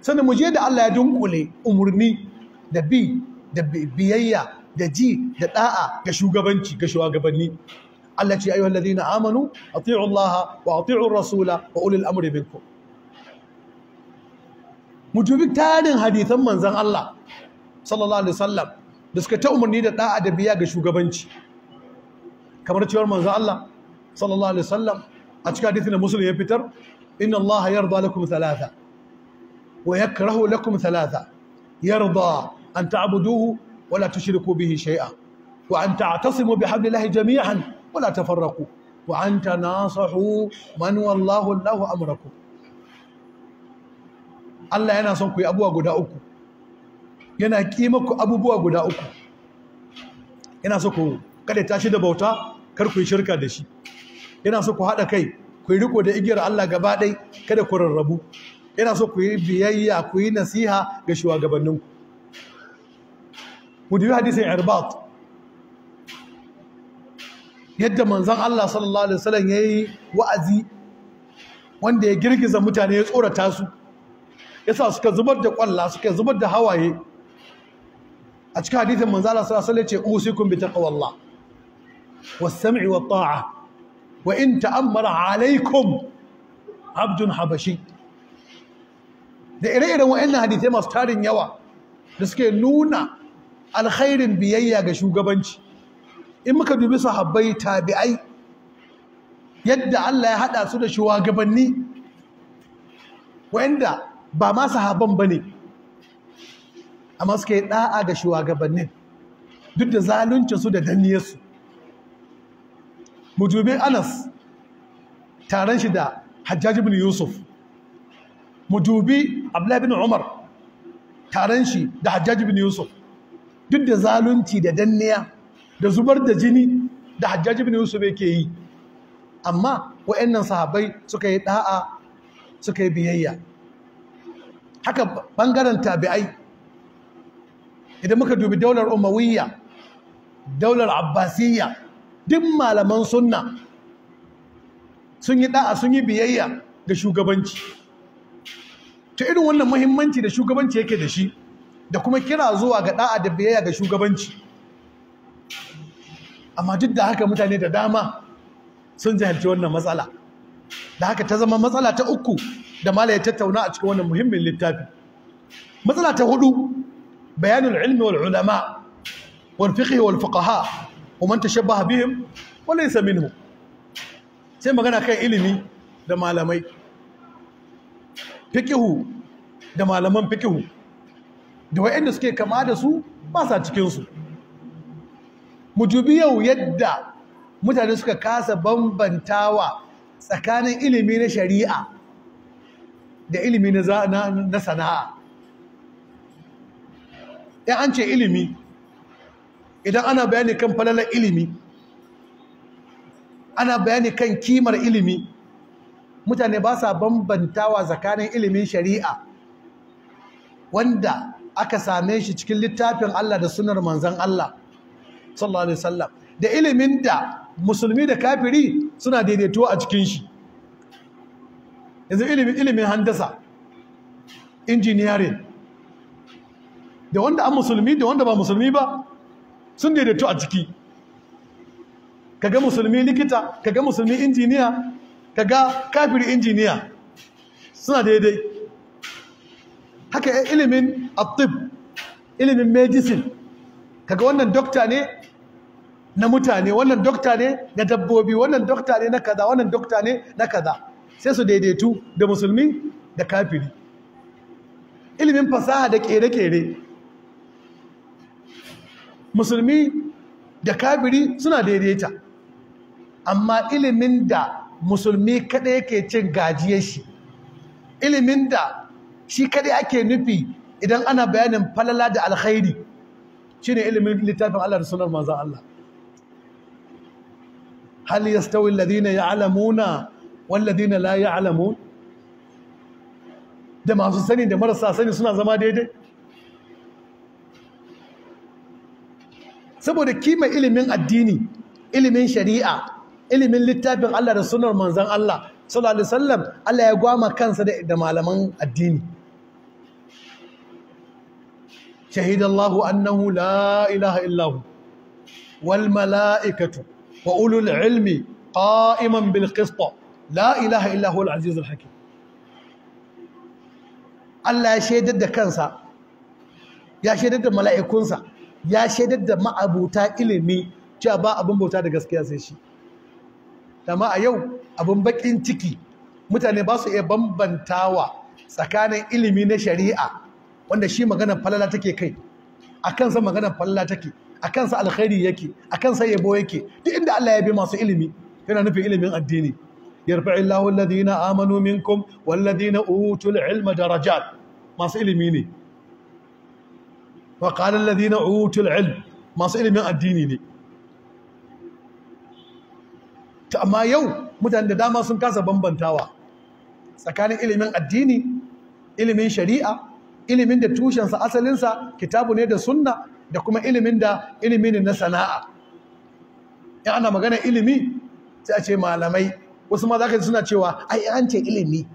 sannan mu je da Allah ya dunkule umarni da bi da biyayya da ji da da'a ga shugabanci ga shugabanni Allah ce ayyuhal ladina amanu ati'u Allah wa ati'u rasula wa ulil amri minkum mu dubi tarin hadisan manzon Allah sallallahu alaihi wasallam da suka ta umarni da da'a da biya ga shugabanci kamar cewar manzon Allah sallallahu alaihi wasallam a cikin hadisin da ya fitar inna allaha yarda lakum lakum thalatha yarda an ta'buduhu wa la tushriku bihi yana son abubuwa guda uku abubuwa yana so ku kada tashi da bauta kar ku yi shirka da shi yana so ku haɗa kai ku yi riko da igiyar Allah gaba ɗai kada ku rarrabu yana so ku yi biyayya ku yi nasiha ga shugabanninku ku dubi hadisin irbat yadda manzon Allah sallallahu alaihi wasallam yayi wa'azi wanda ya girgiza mutane ya tsorata su yasa suka zubar da kwalla suka zubar da hawaye a cikin hadisin manzon Allah sallallahu alaihi wasallam ya ce usikum bi taqwallah was sam'i wat ta'ah wa in ta'ammara alaikum abdun da ire-iren wa'annan hadithai masu tarin yawa da suke nuna alkhairin biyayya ga shugabanci in muka dubi sahabbai tabi'ai yadda Allah ya haɗa su da shugabanni wa'anda ba ma sahabban bane amma suke ɗa'a ga shugabannin duk da zalunci su da danniyarsu mu dubi anas taron shi da hajjaj yusuf mu dubi abdullahi bin umar taron shi da hajjaj ibn yusuf duk da zalunci da danniya da zubar da jini da hajjaj yusuf yake yi amma wa'annan sahabbai suka yi da'a suka yi biyayya haka bangaren tabi'ai idan muka dubi daular umawiyya daular abbasiyya duk malaman sunna sun yi da'a sun yi biyayya da shugabanci ta irin wannan muhimmanci da shugabanci yake da shi da kuma kira zuwa ga da'a da biyayya da shugabanci amma duk da haka mutane da dama sun jahilci wannan matsala da haka ta zama matsala ta uku da mala ya tattauna a cikin wannan muhimmin littafi matsala ta hudu bayanin ilmi wal ulama wal fiqh wal fuqaha ومن تشبه بهم وليس منهم sai magana kan ilimi da malamai fikihu da malaman fikihu da wa'anda suke kama da su ba sa cikinsu mu dubi yau yadda mutane suka kasa bambantawa tsakanin ilimi na shari'a da ilimi na sana'a in an ce ilimi idan ana bayani kan falalar ilimi ana bayani kan kimar ilimi mutane ba sa bambantawa tsakanin ilimin shari'a wanda aka same shi cikin littafin Allah da sunar manzan Allah sallallahu alaihi wasallam da ilimin da musulmi da kafiri suna daidaito a cikin shi yanzu ilimin ilimin handasa engineering da wanda an musulmi da wanda ba musulmi ba sun daidaito a ciki kaga musulmi likita kaga musulmi injiniya kaga kafiri injiniya suna daidai haka yi eh, ilimin atib ilimin medicine kaga wannan dokta ne na mutane wannan dokta ne na dabbobi wannan dokta ne na kaza wannan dokta ne na kaza sai su daidaitu da musulmi da kafiri ilimin fasaha da kere-kere musulmi da kafiri suna daidaita amma ilimin da musulmi kaɗai yake cin gajiyar shi ilimin da shi kaɗai ake nufi idan ana bayanin falala da alkhairi shine ilimin littafin Allah da sunan manzon Allah hal yastawi alladhina ya'lamuna wal ladina la ya'lamun da masu sani da marasa sani suna zama daidai saboda kima ilimin addini ilimin shari'a ilimin littafin Allah da sunar manzan Allah sallallahu alaihi wasallam Allah ya gwama kansa da malaman addini شهد الله أنه لا إله إلا هو والملائكة وأولو العلم قائما بالقسط لا إله إلا Allah ya الحكيم da kansa, ya يا da mala'ikunsa. ya shaidar da ma'abuta ilimi cewa ba abin bauta da gaskiya sai shi amma a yau abin bakin ciki mutane ba su iya bambantawa tsakanin ilimi na shari'a wanda shi maganar falala take kai a kansa maganar falala take a kansa alkhairi yake a kansa yabo yake duk inda Allah ya bi masu ilimi yana nufin ilimin addini yarfa'i Allahu alladhina amanu minkum walladhina utul ilma darajat masu ilimi ne wa qala alladhina utul masu ilimin addini ne ta amma yau mutane da dama sun kasa bambantawa tsakanin ilimin addini ilimin shari'a ilimin da tushensa asalinsa kitabu ne da sunna da kuma ilimin da ilimi ne na sana'a in ana magana ilimi sai a ce malamai wasu ma za ka suna cewa ai an ce ilimi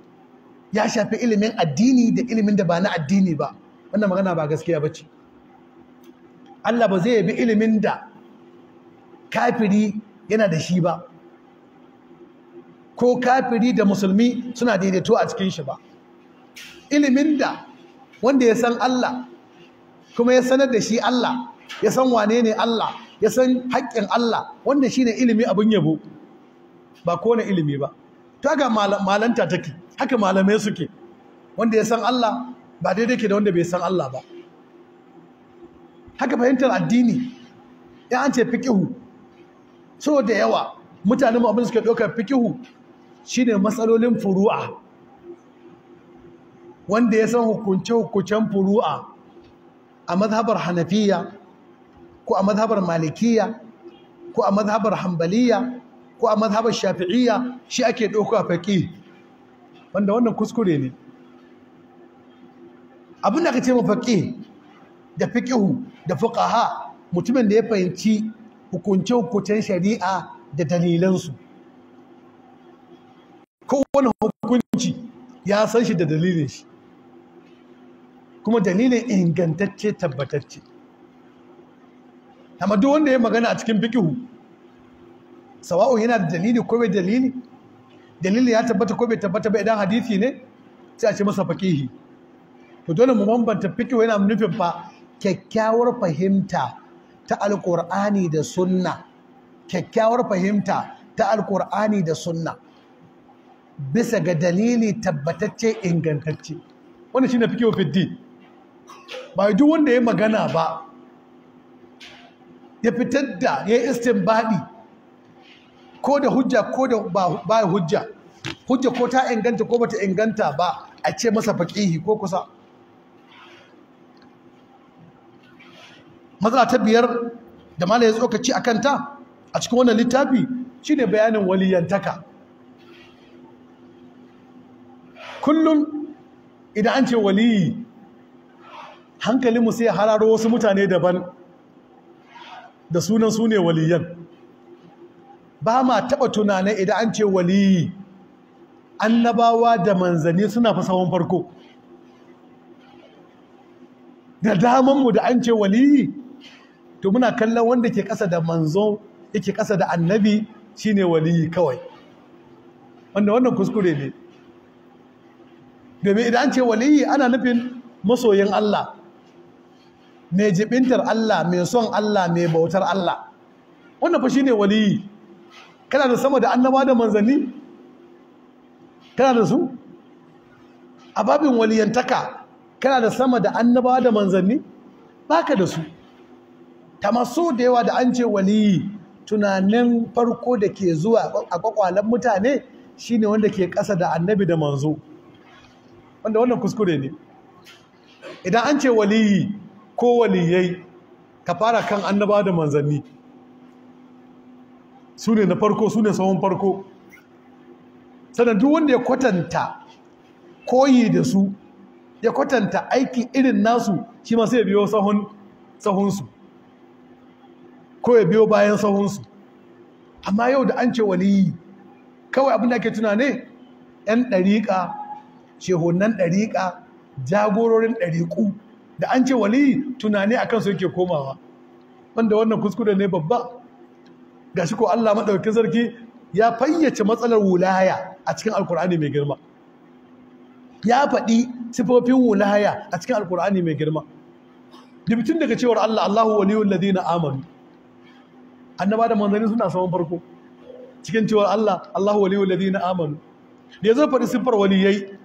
ya shafi ilimin addini da ilimin da ba na addini ba wannan magana ba gaskiya ba ce Allah ba zai bi ilimin da kafiri yana da shi ba ko kafiri da musulmi suna daidaito a cikin shi ba ilimin da wanda ya san Allah kuma ya sanar da shi Allah ya san wane ne Allah ya san haƙƙin Allah wanda shi ne ilimi abin yabo ba kowane ilimi ba to haka malanta take haka malamai suke wanda ya san Allah ba daidai ke da wanda bai san Allah ba haka fahimtar addini ya an ce fikihu so da yawa mutanen mu abin suka ɗaukar fikihu ne matsalolin furu'a wanda ya san hukunce-hukuncen furu'a a mazhabar hanafiya ko a mazhabar malikiya ko a mazhabar hambaliya ko a mazhabar shafi'iya, shi ake ɗaukar faƙi wanda wannan kuskure ne abin da aka ce mafaƙi da fiƙihu da fuƙaha mutumin da ya fahimci hukunce-hukuncen shari'a da dalilansu kowane hukunci ya san shi da dalilin shi kuma dalilin ingantacce tabbatacce amma duk wanda ya magana a cikin fiƙihu. sawa'u yana da dalili ko bai dalili dalili ya tabbata ko bai tabbata ba idan hadisi ne sai a ce masa fakihi to dole mu bambanta fiƙihu yana nufin fa kyakkyawar fahimta ta alkur'ani da sunna kyakkyawar fahimta ta alkur'ani da sunna bisa ga dalili tabbatacce ingantacce wanda shine fiqhu fiddi ba duk wanda ya magana ba ya fitar da ya baɗi? ko da hujja ko da ba hujja hujja ko ta inganta ko bata inganta ba a ce masa faƙihi ko kusa matsala ta biyar da malai ya tsokaci a kanta a cikin wannan littafi shine bayanin waliyantaka kullum idan an ce waliyi hankalinmu sai hararo wasu mutane daban da sunan su ne waliyan ba ma taɓa tunanin idan an ce waliyi annabawa da manzanni suna fi sawon farko da damanmu da an ce waliyi to muna kallon wanda ke kasa da manzo yake kasa da annabi shine waliyi kawai wanda wannan kuskure ne domin idan ce waliyi ana nufin masoyin Allah mai jibintar Allah mai son Allah mai bautar Allah wannan fa shine waliyi kana da sama da annaba da manzanni kana da su a babin waliyantaka kana da sama da annaba da manzanni baka da su maso da yawa da an ce waliyi tunanin farko da ke zuwa a kwakwalen mutane shine wanda ke ƙasa da annabi da manzo wanda wannan kuskure ne idan an ce waliyi ko waliyai ka fara kan annaba da manzanni su ne na farko su ne sahun farko sannan duk wanda ya kwatanta koyi da su ya kwatanta aiki irin nasu shi masu ya biyo sahunsu ko ya biyo bayan sahunsu amma yau da an ce waliyi kawai abin da ake tuna ne yan ɗariƙa shehunan ɗariƙa jagororin ɗariƙu da an ce waliyi tunani a kansu yake komawa wanda wannan kuskure ne babba ga shi ko Allah maɗaukin sarki ya fayyace matsalar wulaya a cikin alkur'ani mai girma ya faɗi sifofin wulaya a cikin alkur'ani mai girma dubtun daga cewar Allah Allahu waliyu ladina amanu annaba da manzanni suna saman farko cikin cewar Allah Allahu waliyul ladina amanu da yazo faɗi siffar waliyai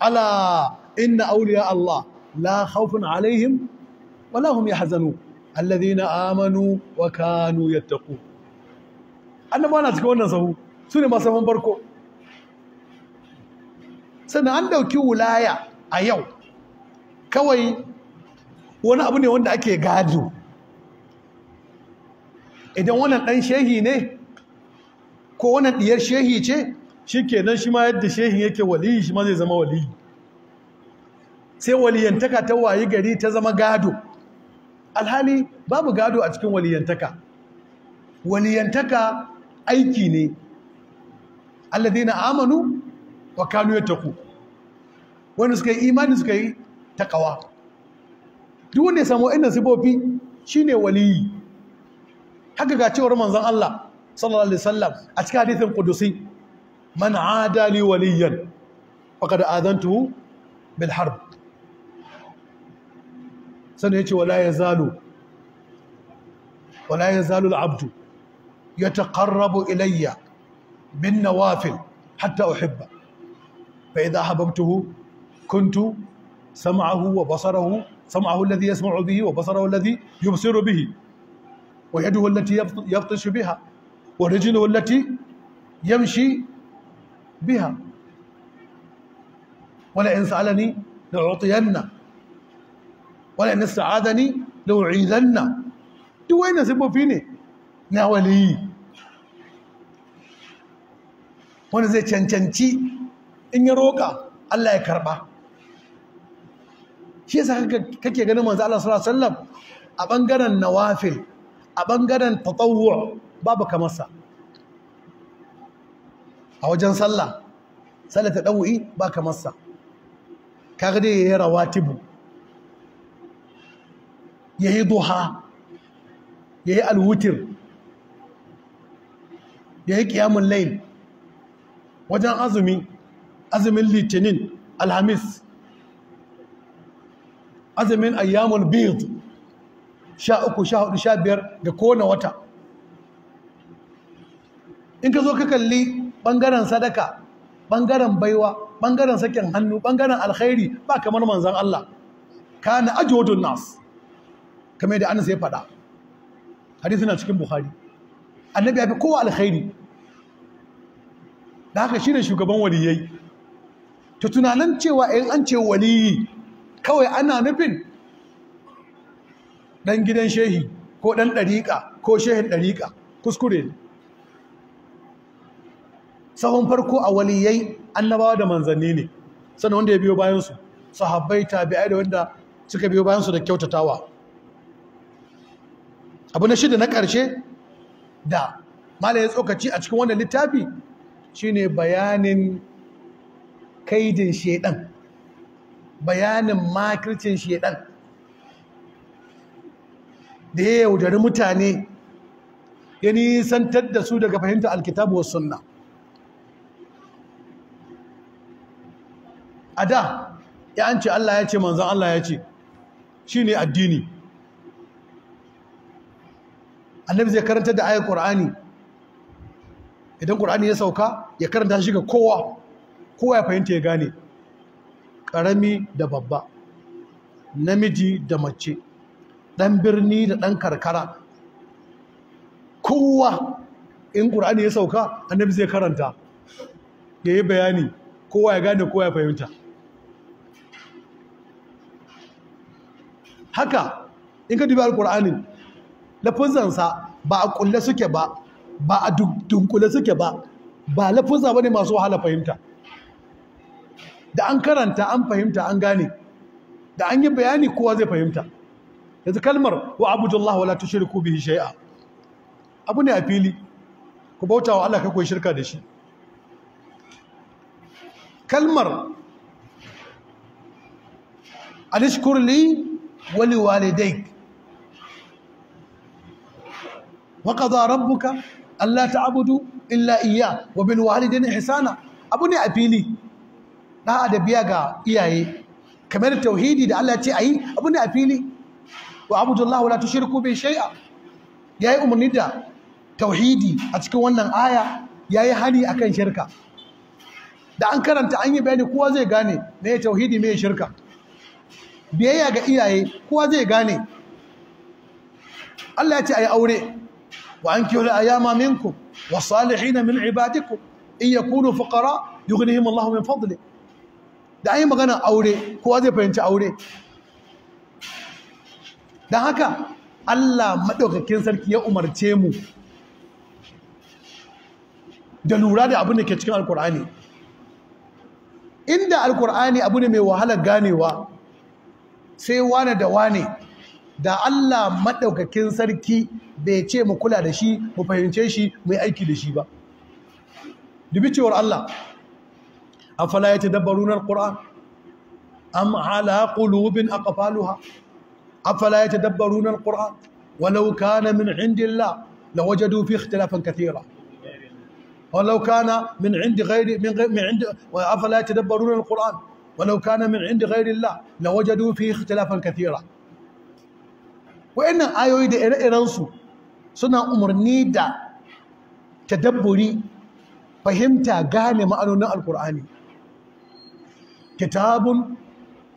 ala inna awliya Allah la khawfun alaihim wala hum yahzanun alladhina amanu wa kanu yattaqun annaba na cikin wannan sahu sune ma saman farko sannan an dauki wulaya a yau kawai wani abu ne wanda ake gado idan wannan ɗan shehi ne ko wannan ɗiyar shehi ce shi kenan shi ma yadda shehi yake waliyi shi ma zai zama waliyi sai waliyantaka ta wayi gari ta zama gado alhali babu gado a cikin waliyantaka waliyantaka aiki ne na amanu wa kanu taku Wani suka yi imani suka yi takawa duk wanda ya samu inda sifofi shine waliyi haka ga cewar manzon Allah sallallahu alaihi wasallam a cikin hadisin qudusi man li waliyan faqad adantuhu bil harb sanin yace wala yazalu wala yazalu al abdu yataqarrabu ilayya bin nawafil hatta uhibba fa idha ahbabtuhu kuntu sam'ahu wa basarahu sam'ahu alladhi yasma'u bihi wa basarahu alladhi yubsiru bihi ويده التي يبطش بها ورجله التي يمشي بها ولئن سألني لأعطينا ولئن استعاذني لأعيذن دوين سبب فيني ناولي وانا زي تشان تشان تشي إن يروكا الله يكربا شيء سأقول كي يقول الله صلى الله عليه وسلم أبنغر النوافل a ɓangaren tatawwa babu kamarsa a wajen sallah sallah ta ɗawu'i ba kamarsa kaga dai yayi Ya yayi duha yayi alwutir yayi ƙiyamun layl wajen azumi azumin litinin alhamis azumin ayyamun bid sha uku sha hudu sha biyar ga kowane wata in ka zo ka kalli ɓangaren sadaka ɓangaren baiwa ɓangaren sakin hannu ɓangaren alkhairi ba kamar manzan Allah kana ajwadun nas kamar yadda Anas ya faɗa hadisi na cikin Bukhari annabi ya fi kowa alkhairi da haka shine shugaban waliyai ta tunanin cewa in an ce waliyi kawai ana nufin ɗan gidan shehi ko ɗan ɗariƙa ko shehin ɗariƙa kuskure ne sahun farko a waliyai annabawa da manzanni ne sannan wanda ya biyo bayansu sahabbai tabi'ai da wanda suka biyo bayansu da kyautatawa abu na shida na ƙarshe da malaya tsokaci a cikin wannan littafi shine bayanin kaidin shedan bayanin makircin shedan da ya yaudari mutane ya nisantar da su daga fahimta alkitabu wa sunna a da ya an ce Allah ya ce manzan Allah ya ce shi ne addini annabi zai karanta da ayar ƙorani idan ƙur'ani ya sauka ya karanta shi ga kowa kowa ya fahimta ya gane ƙarami da babba namiji da mace ɗan birni da ɗan karkara kowa in ƙur'ani ya sauka annabi zai karanta ya yi bayani kowa ya gane kowa ya fahimta haka in ka dubi alƙur'anin lafizansa ba a ƙulle suke ba ba a dunkule suke ba ba lafuzan ba ne masu wahala fahimta da an karanta an fahimta an gane da an yi bayani kowa zai fahimta yanzu kalmar wa abudullah wala tushriku bihi shay'a abu ne a fili ku bauta wa Allah kai shirka da shi kalmar alishkur li wa liwalidayk wa qada rabbuka alla ta'budu illa iyya wa bil walidayni ihsana abu ne a fili da adabiya ga iyaye kamar tauhidi da Allah ya ce ayi abu ne a fili wa abudullahi wala tushriku bi shay'a yayi umarni da tauhidi a cikin wannan aya yayi hani akan shirka da an karanta an yi bayani kowa zai gane me tauhidi me shirka biyayya ga iyaye kowa zai gane Allah ya ce ayi aure wa ankihu al-ayama minkum was-salihin min ibadikum in yakunu fuqara yughnihim Allahu min fadli da ayi magana aure kowa zai fahimci aure don haka Allah maɗaukakin sarki ya umarce mu da lura da abin da ke cikin alkur'ani inda alkur'ani abu ne mai wahalar ganewa sai wane da wane da Allah maɗaukakin sarki bai ce mu kula da shi mu fahimce shi mu aiki da shi ba dubi cewar Allah afala ya tadabbaruna alqur'an am ala qulubin aqfaluha afala yatadabbaruna alquran walau kana min indillah lawajadu fi ikhtilafan kathira ولو كان من عند غير من عند افلا يتدبرون القران ولو كان من عند غير الله لوجدوا فيه اختلافا كثيرا وإن ayoyi da ire-irensu suna umarni da tadabburi fahimta gane ma'anonin alkur'ani kitabun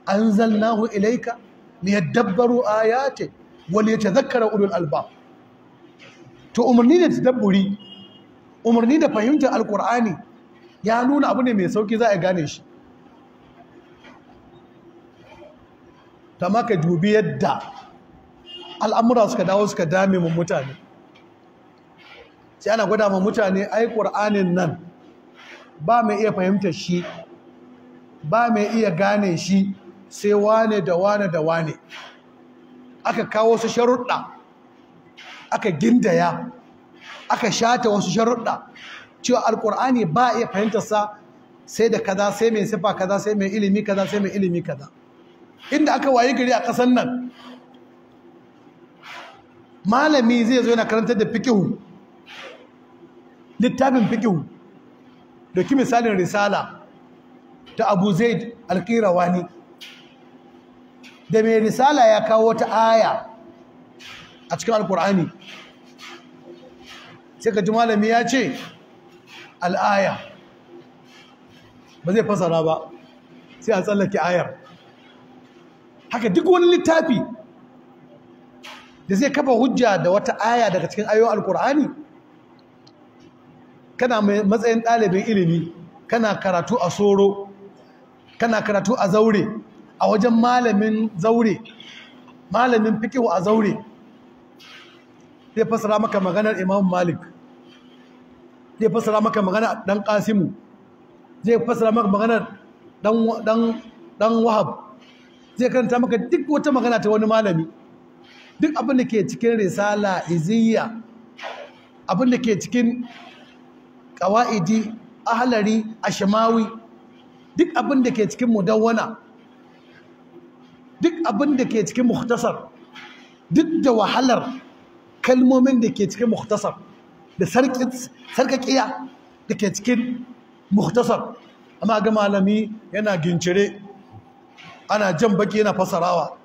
anzalnahu ilaika liyadabbaru ayati wa zakkara ulul albab to umarni da tadabburi umarni da fahimtar alqur'ani ya nuna abu ne mai sauki za a gane shi kama ka dubi yadda al'amura suka dawo suka dame mu mutane sai ana gwada ma mutane ai ƙur'anin nan ba mai iya fahimtar shi ba mai iya gane shi sai wane da wane da wane aka kawo su sharuɗa aka gindaya aka shata wasu sharuɗa cewa alƙur'ani ba a iya fahimtarsa sai da kaza sai mai sifa kaza sai mai ilimi kaza sai mai ilimi kaza inda aka wayi gari a ƙasar nan malami zai zo yana karantar da fikihu littafin fikihu da ki misalin risala ta abu zaid ne da mai risala ya kawo wata aya a cikin alkur'ani sai ka ji malami ya ce al'aya ba zai fasara ba sai a tsallake ayar haka duk wani littafi da zai kafa hujja da wata aya daga cikin ayoyin alkur'ani kana matsayin ɗalibin ilimi kana karatu a soro kana karatu a zaure a wajen malamin zaure malamin fikihu a zaure zai fasara maka maganar imam malik zai fasara maka maganar dan kasimu zai fasara maka maganar dan wahab zai karanta maka duk wata magana ta wani malami duk abin da ke cikin risala iziyya abin da ke cikin ƙawa'idi ahalari ashimawi duk abin da ke cikin mudawwana duk abin da ke cikin muhtasar duk da wahalar kalmomin da ke cikin muhtasar da sarkakiya da ke cikin muhtasar amma ga malami yana gincire ana jan baki yana fasarawa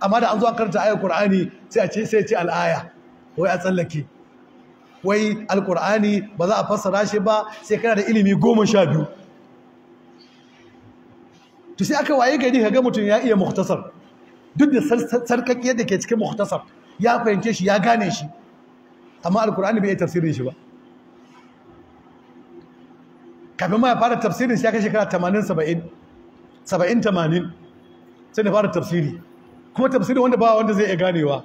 amma da an zo a karanta ayar qur'ani sai a ce sai ce al'aya wai a tsallake wai alqur'ani ba za a fassara shi ba sai kana da ilimi goma sha biyu to sai aka waye gari kaga mutum ya iya muhtasar duk da sarkakke da ke cikin muhtasar ya fahimce shi ya gane shi amma alkur'ani bai tafsirin shi ba kafin ma ya fara tafsirin shi ya kai shekara 80 70 70 80 sai da fara tafsiri kuma tafsiri wanda ba wanda zai iya ganewa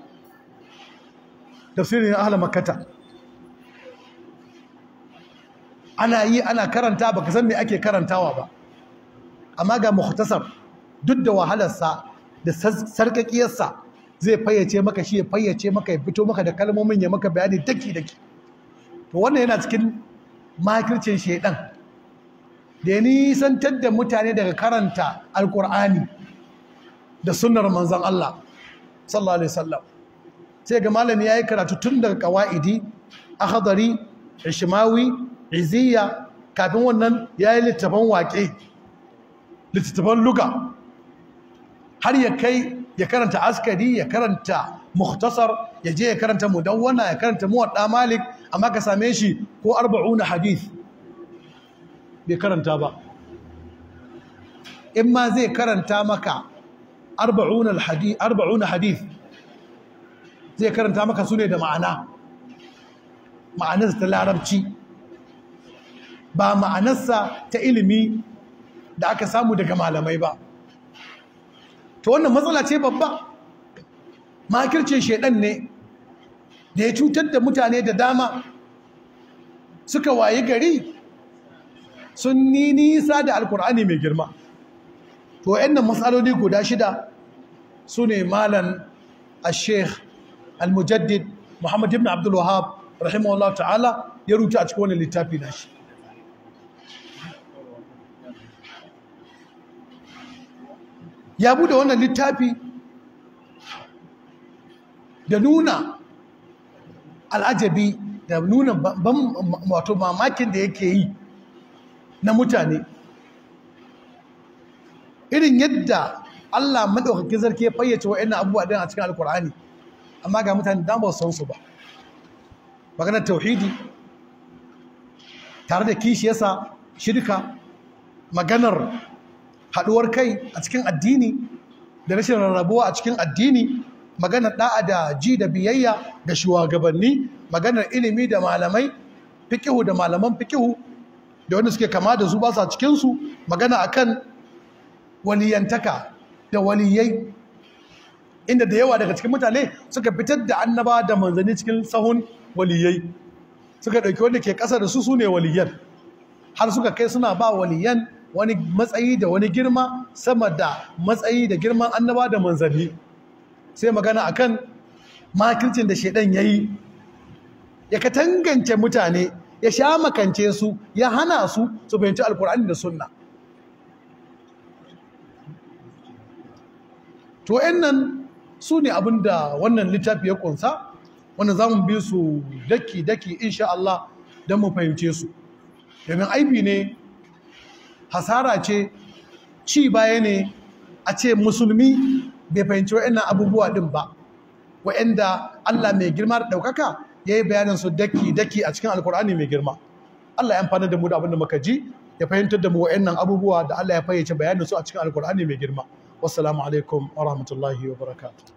tafsirin ahla makkata ana yi ana karanta baka san me ake karantawa ba amma ga mukhtasar duk da wahalarsa da sarkakiyarsa zai fayyace maka shi ya fayyace maka ya fito maka da kalmomin ya maka bayani daki daki to wannan yana cikin makircin shaidan da ya nisantar da mutane daga karanta alkur'ani da sunnar manzon Allah sallallahu alaihi wasallam sai ga malami yayi karatu tun daga qawaidi akhdari ishmawi iziya kafin wannan yayi littafan waƙe littattafan luga har ya kai ya karanta askari ya karanta muhtasar ya je ya karanta mudawwana ya karanta muwadda malik amma ka same shi ko arba'una hadith bai karanta ba in ma zai karanta maka arba'una hadith arba'una zai karanta maka su ne da ma'ana ma'anarsa ta larabci ba ma'anarsa ta ilimi da aka samu daga malamai ba to wannan matsala ce babba makircin shaidan ne da ya cutar da mutane da dama suka wayi gari sun ni nisa da alkur'ani mai girma to wayannan matsaloli guda shida su ne malam al-sheikh al-mujaddid muhammad ibn abdul wahab rahimahullah ta'ala ya rubuta a cikin wannan littafi shi. ya bude wannan littafi da nuna al'ajabi da nuna wato mamakin da yake yi na mutane irin yadda Allah maɗaukakin zarki ya fayyace wa'in abubuwa ɗin a cikin alkur'ani amma ga mutane da ba san su ba maganar tauhidi tare da kishiyarsa shirka maganar haɗuwar kai a cikin addini da rashin rarrabuwa a cikin addini maganar ɗa'a da ji da biyayya ga shugabanni maganar ilimi da malamai fikihu da malaman fikihu da wanda suke kama da su basa sa cikin su magana akan waliyantaka da waliyai inda da yawa daga cikin mutane suka fitar da annaba da manzanni cikin sahun waliyai suka ɗauki wanda ke ƙasa da su sune ne waliyan har suka kai suna ba waliyan wani matsayi da wani girma sama da matsayi da girman annaba da manzanni sai magana akan makircin da shaidan ya yi ya katangance mutane ya sha makance su ya hana su su fahimci alkur'ani da sunna to nan su ne abinda wannan littafi ya kunsa wanda za mu bi su daki-daki insha Allah don mu fahimce su domin aibi ne hasara ce ci baya ne a ce musulmi bai fahimci wa'annan abubuwa din ba wa'anda Allah mai girma da ɗaukaka ya yi bayanin su daki daki a cikin alkur'ani mai girma Allah ya amfana da mu da abin da muka ji ya fahimtar da mu wa'annan abubuwa da Allah ya fahimci bayanin su a cikin alkur'ani mai girma wassalamu alaikum wa rahmatullahi wa barakatuh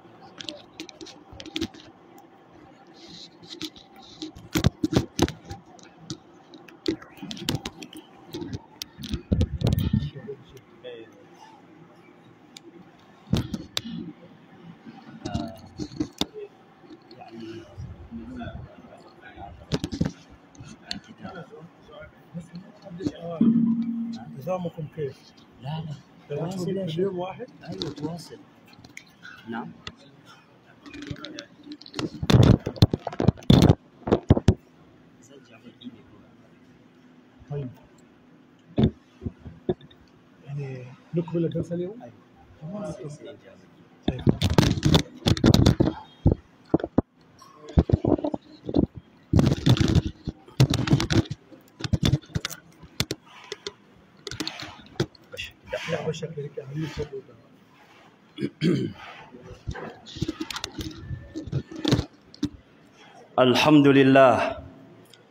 نظامكم كيف؟ لا لا تواصل في يوم واحد؟ ايوه تواصل نعم طيب يعني نكمل الدرس اليوم؟ ايوه الحمد لله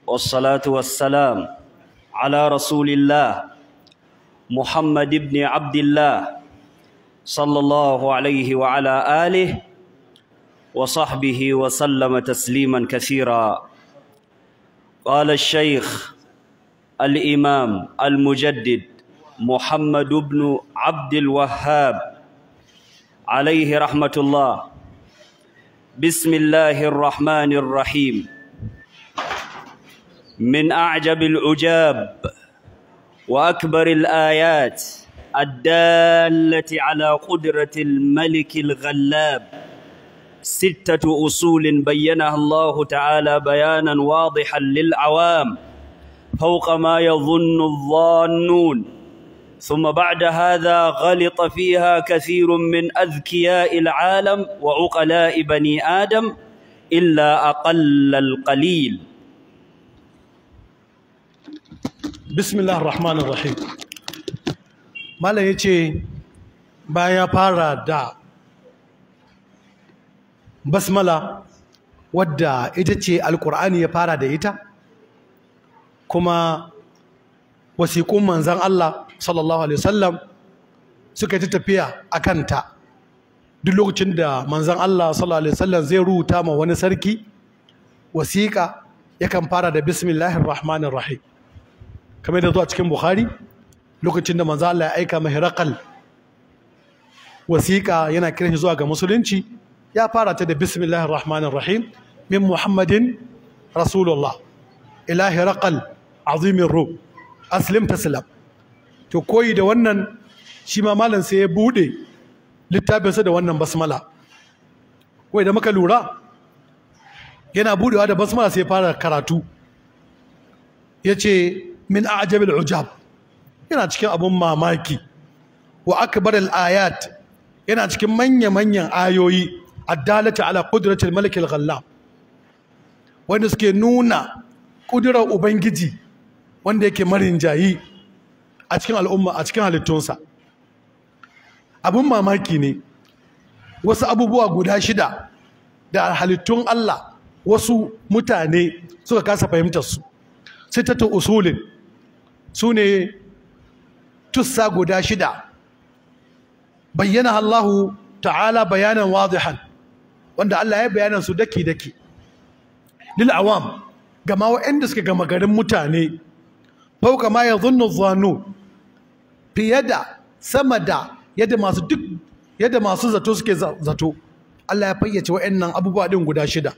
والصلاة والسلام على رسول الله محمد بن عبد الله صلى الله عليه وعلى آله وصحبه وسلم تسليما كثيرا قال الشيخ الإمام المجدد محمد بن عبد الوهاب عليه رحمة الله بسم الله الرحمن الرحيم من أعجب العجاب وأكبر الآيات الدالة على قدرة الملك الغلاب ستة أصول بينها الله تعالى بيانا واضحا للعوام فوق ما يظن الظانون ثم بعد هذا غلط فيها كثير من أذكياء العالم وعقلاء بني آدم إلا أقل القليل بسم الله الرحمن الرحيم malam ya ce baya fara da basmala wadda ita ce alkur'ani ya fara da ita kuma wasiƙun manzan Allah sallallahu alaihi wasallam suka yi tafiya a kanta duk lokacin da manzon Allah sallallahu alaihi wasallam zai rubuta ma wani sarki wasiƙa yakan fara da bismillahir rahmanir rahim kamar da zuwa cikin bukhari lokacin da manzon Allah ya aika ma hiraqal wasiƙa yana kiran shi zuwa ga musulunci ya fara ta da bismillahir rahmanir rahim min muhammadin rasulullah ilahi raqal azimin ruh aslim taslam to koyi da wannan shi ma malam sai ya buɗe littafinsa da wannan basmala koyi da muka lura yana buɗewa da basmala sai fara karatu ya ce min ajabil ujab yana cikin abun mamaki wa akbar ayat yana cikin manya-manyan ayoyi addalata ala qudratil malik al wanda suke nuna kudirar ubangiji wanda yake marinjayi jayi a cikin al'umma a cikin halittunsa abin mamaki ne wasu abubuwa guda shida da halittun Allah wasu mutane suka kasa fahimtar su. fahimtarsu ta usulin su ne tussa guda shida bayyana Allahu ta'ala bayanan wazihan wanda Allah ya bayanan su daki daki lil awam gama waɗanda suka gama garin mutane fauka ma zunnu zanu. fiye da sama da yadda masu duk yadda masu zato suke zato Allah ya fayyace wa'annan abubuwa din guda shida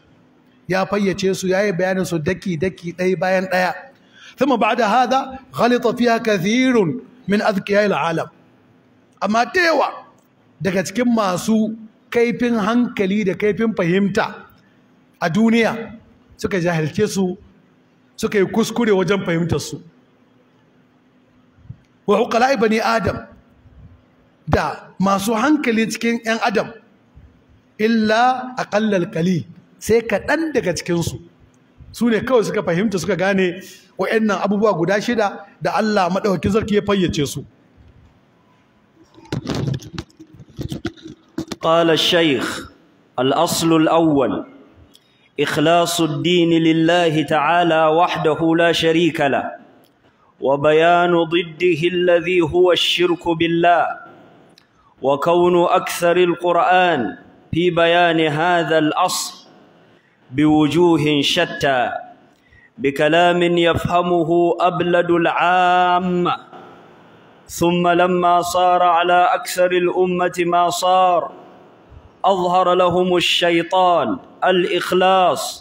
ya fayyace su yayi bayanin su daki daki ɗaya bayan ɗaya thumma ba'da hadha ghalita fiha kathirun min azkiyai alam amma ta yawa daga cikin masu kaifin hankali da kaifin fahimta a duniya suka jahilce su suka yi kuskure wajen fahimtar su wa uqala'i bani adam da masu hankali cikin yan adam illa aqallal kali sai kaɗan daga cikinsu su ne kawai suka fahimta suka gane wa'annan abubuwa guda shida da Allah maɗaukakin zarki ya fayyace su قال الشيخ الأصل awwal إخلاص dini لله ta'ala وحده لا شريك له وبيان ضده الذي هو الشرك بالله وكون أكثر القرآن في بيان هذا الأصل بوجوه شتى بكلام يفهمه أبلد العام ثم لما صار على أكثر الأمة ما صار أظهر لهم الشيطان الإخلاص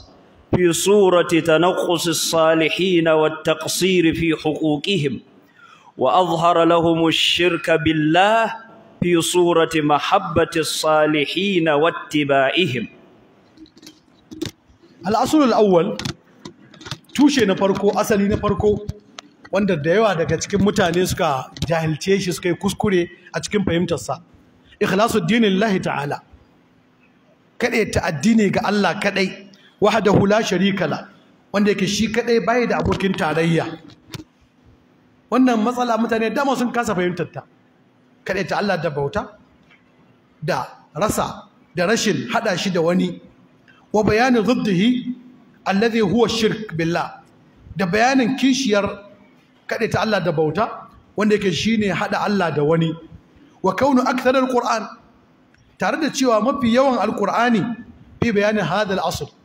في صورة تنقص الصالحين والتقصير في حقوقهم وأظهر لهم الشرك بالله في صورة محبة الصالحين واتباعهم الأصل الأول tushe na farko asali na farko wanda da yawa daga cikin mutane suka jahilce shi suka yi kuskure a cikin fahimtarsa ikhlasu dinin ta'ala kaɗai ta addini ga Allah kaɗai wahdahu la sharika la wanda yake shi kadai bai da abokin tarayya wannan matsala mutane dama sun kasa fahimtar ta kadai ta Allah da bauta da rasa da rashin hada shi da wani wa bayanin zuddihi alladhi huwa shirk billah da bayanin kishiyar kadai ta Allah da bauta wanda yake shine hada Allah da wani wa kaunu aktharar qur'an tare da cewa mafi yawan alqur'ani fi bayanin hadal al-asl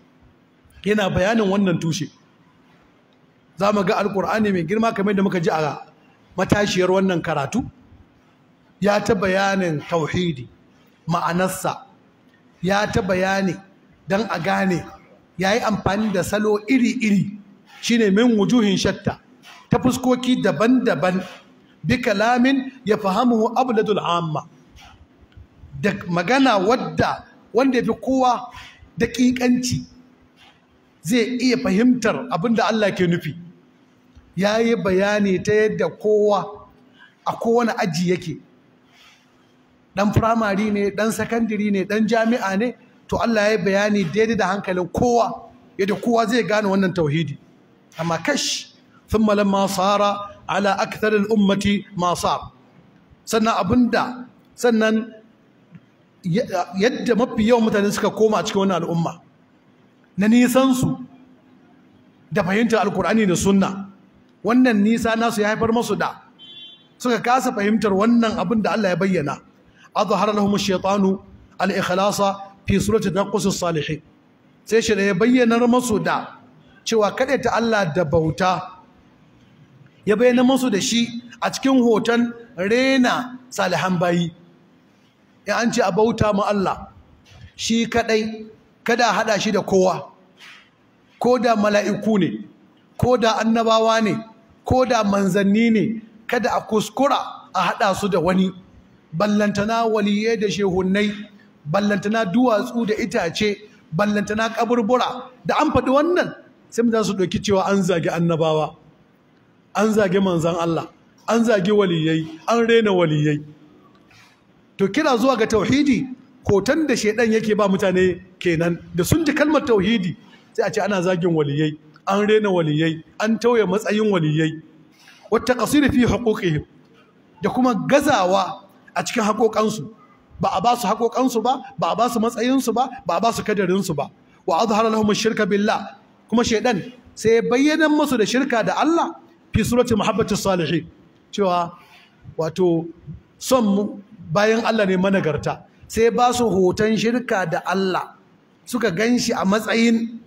yana bayanin wannan tushe za mu ga alkur'ani mai girma kamar da muka ji a matashiyar wannan karatu ya ta bayanin tauhidi ma'anarsa ya ta bayani don a gane ya yi amfani da salo iri-iri shine min wujuhin shatta ta fuskoki daban-daban bi kalamin ya fahamu abladul amma da magana wadda wanda ya fi kowa daƙiƙanci zai iya fahimtar abin da Allah ke nufi ya yi bayani ta yadda kowa a kowane aji yake ɗan firamare ne ɗan sakandiri ne ɗan jami'a ne to Allah ya yi bayani daidai da hankalin kowa yadda kowa zai gane wannan tauhidi amma kash ثم لما صار على أكثر ummati masu sannan abinda sannan yadda mafi yawan mutane suka koma a cikin wani al'umma na nisansu da fahimtar alkur'ani da sunna wannan nisa nasu ya haifar masu da suka kasa fahimtar wannan abin da Allah ya bayyana a lahum ash shaitanu al fi surati da kusur salihin sai shi ya bayyana masu da cewa kaɗai ta Allah da bauta ya bayyana masu da shi a cikin hoton rena salihan bayi ya an ce a bauta mu Allah shi kaɗai. kada haɗa shi da kowa ko da mala'iku ne ko da annabawa ne ko da manzanni ne kada a kuskura a haɗa su da wani ballantana waliyai da shehunnai ballantana duwatsu da itace ballantana kaburbura da an faɗi wannan sai mu za su ɗauki cewa an zagi annabawa an zagi manzan Allah an zagi waliyai an rena waliyai to kira zuwa ga tauhidi kotan da shaidan yake ba mutane kenan da sun ji kalmar tauhidi sai a ce ana zagin waliyai an rena waliyai an tauye matsayin waliyai wata kasiri fi haƙoƙi da kuma gazawa a cikin haƙoƙansu ba a ba su haƙoƙansu ba ba a ba su matsayinsu ba ba a ba su kadarinsu ba wa azhara lahum shirka billah kuma shaidan sai bayyana musu da shirka da Allah fi surati muhabbatin salihin cewa wato son mu bayan Allah ne managarta sai ba su hoton shirka da Allah suka gan shi a matsayin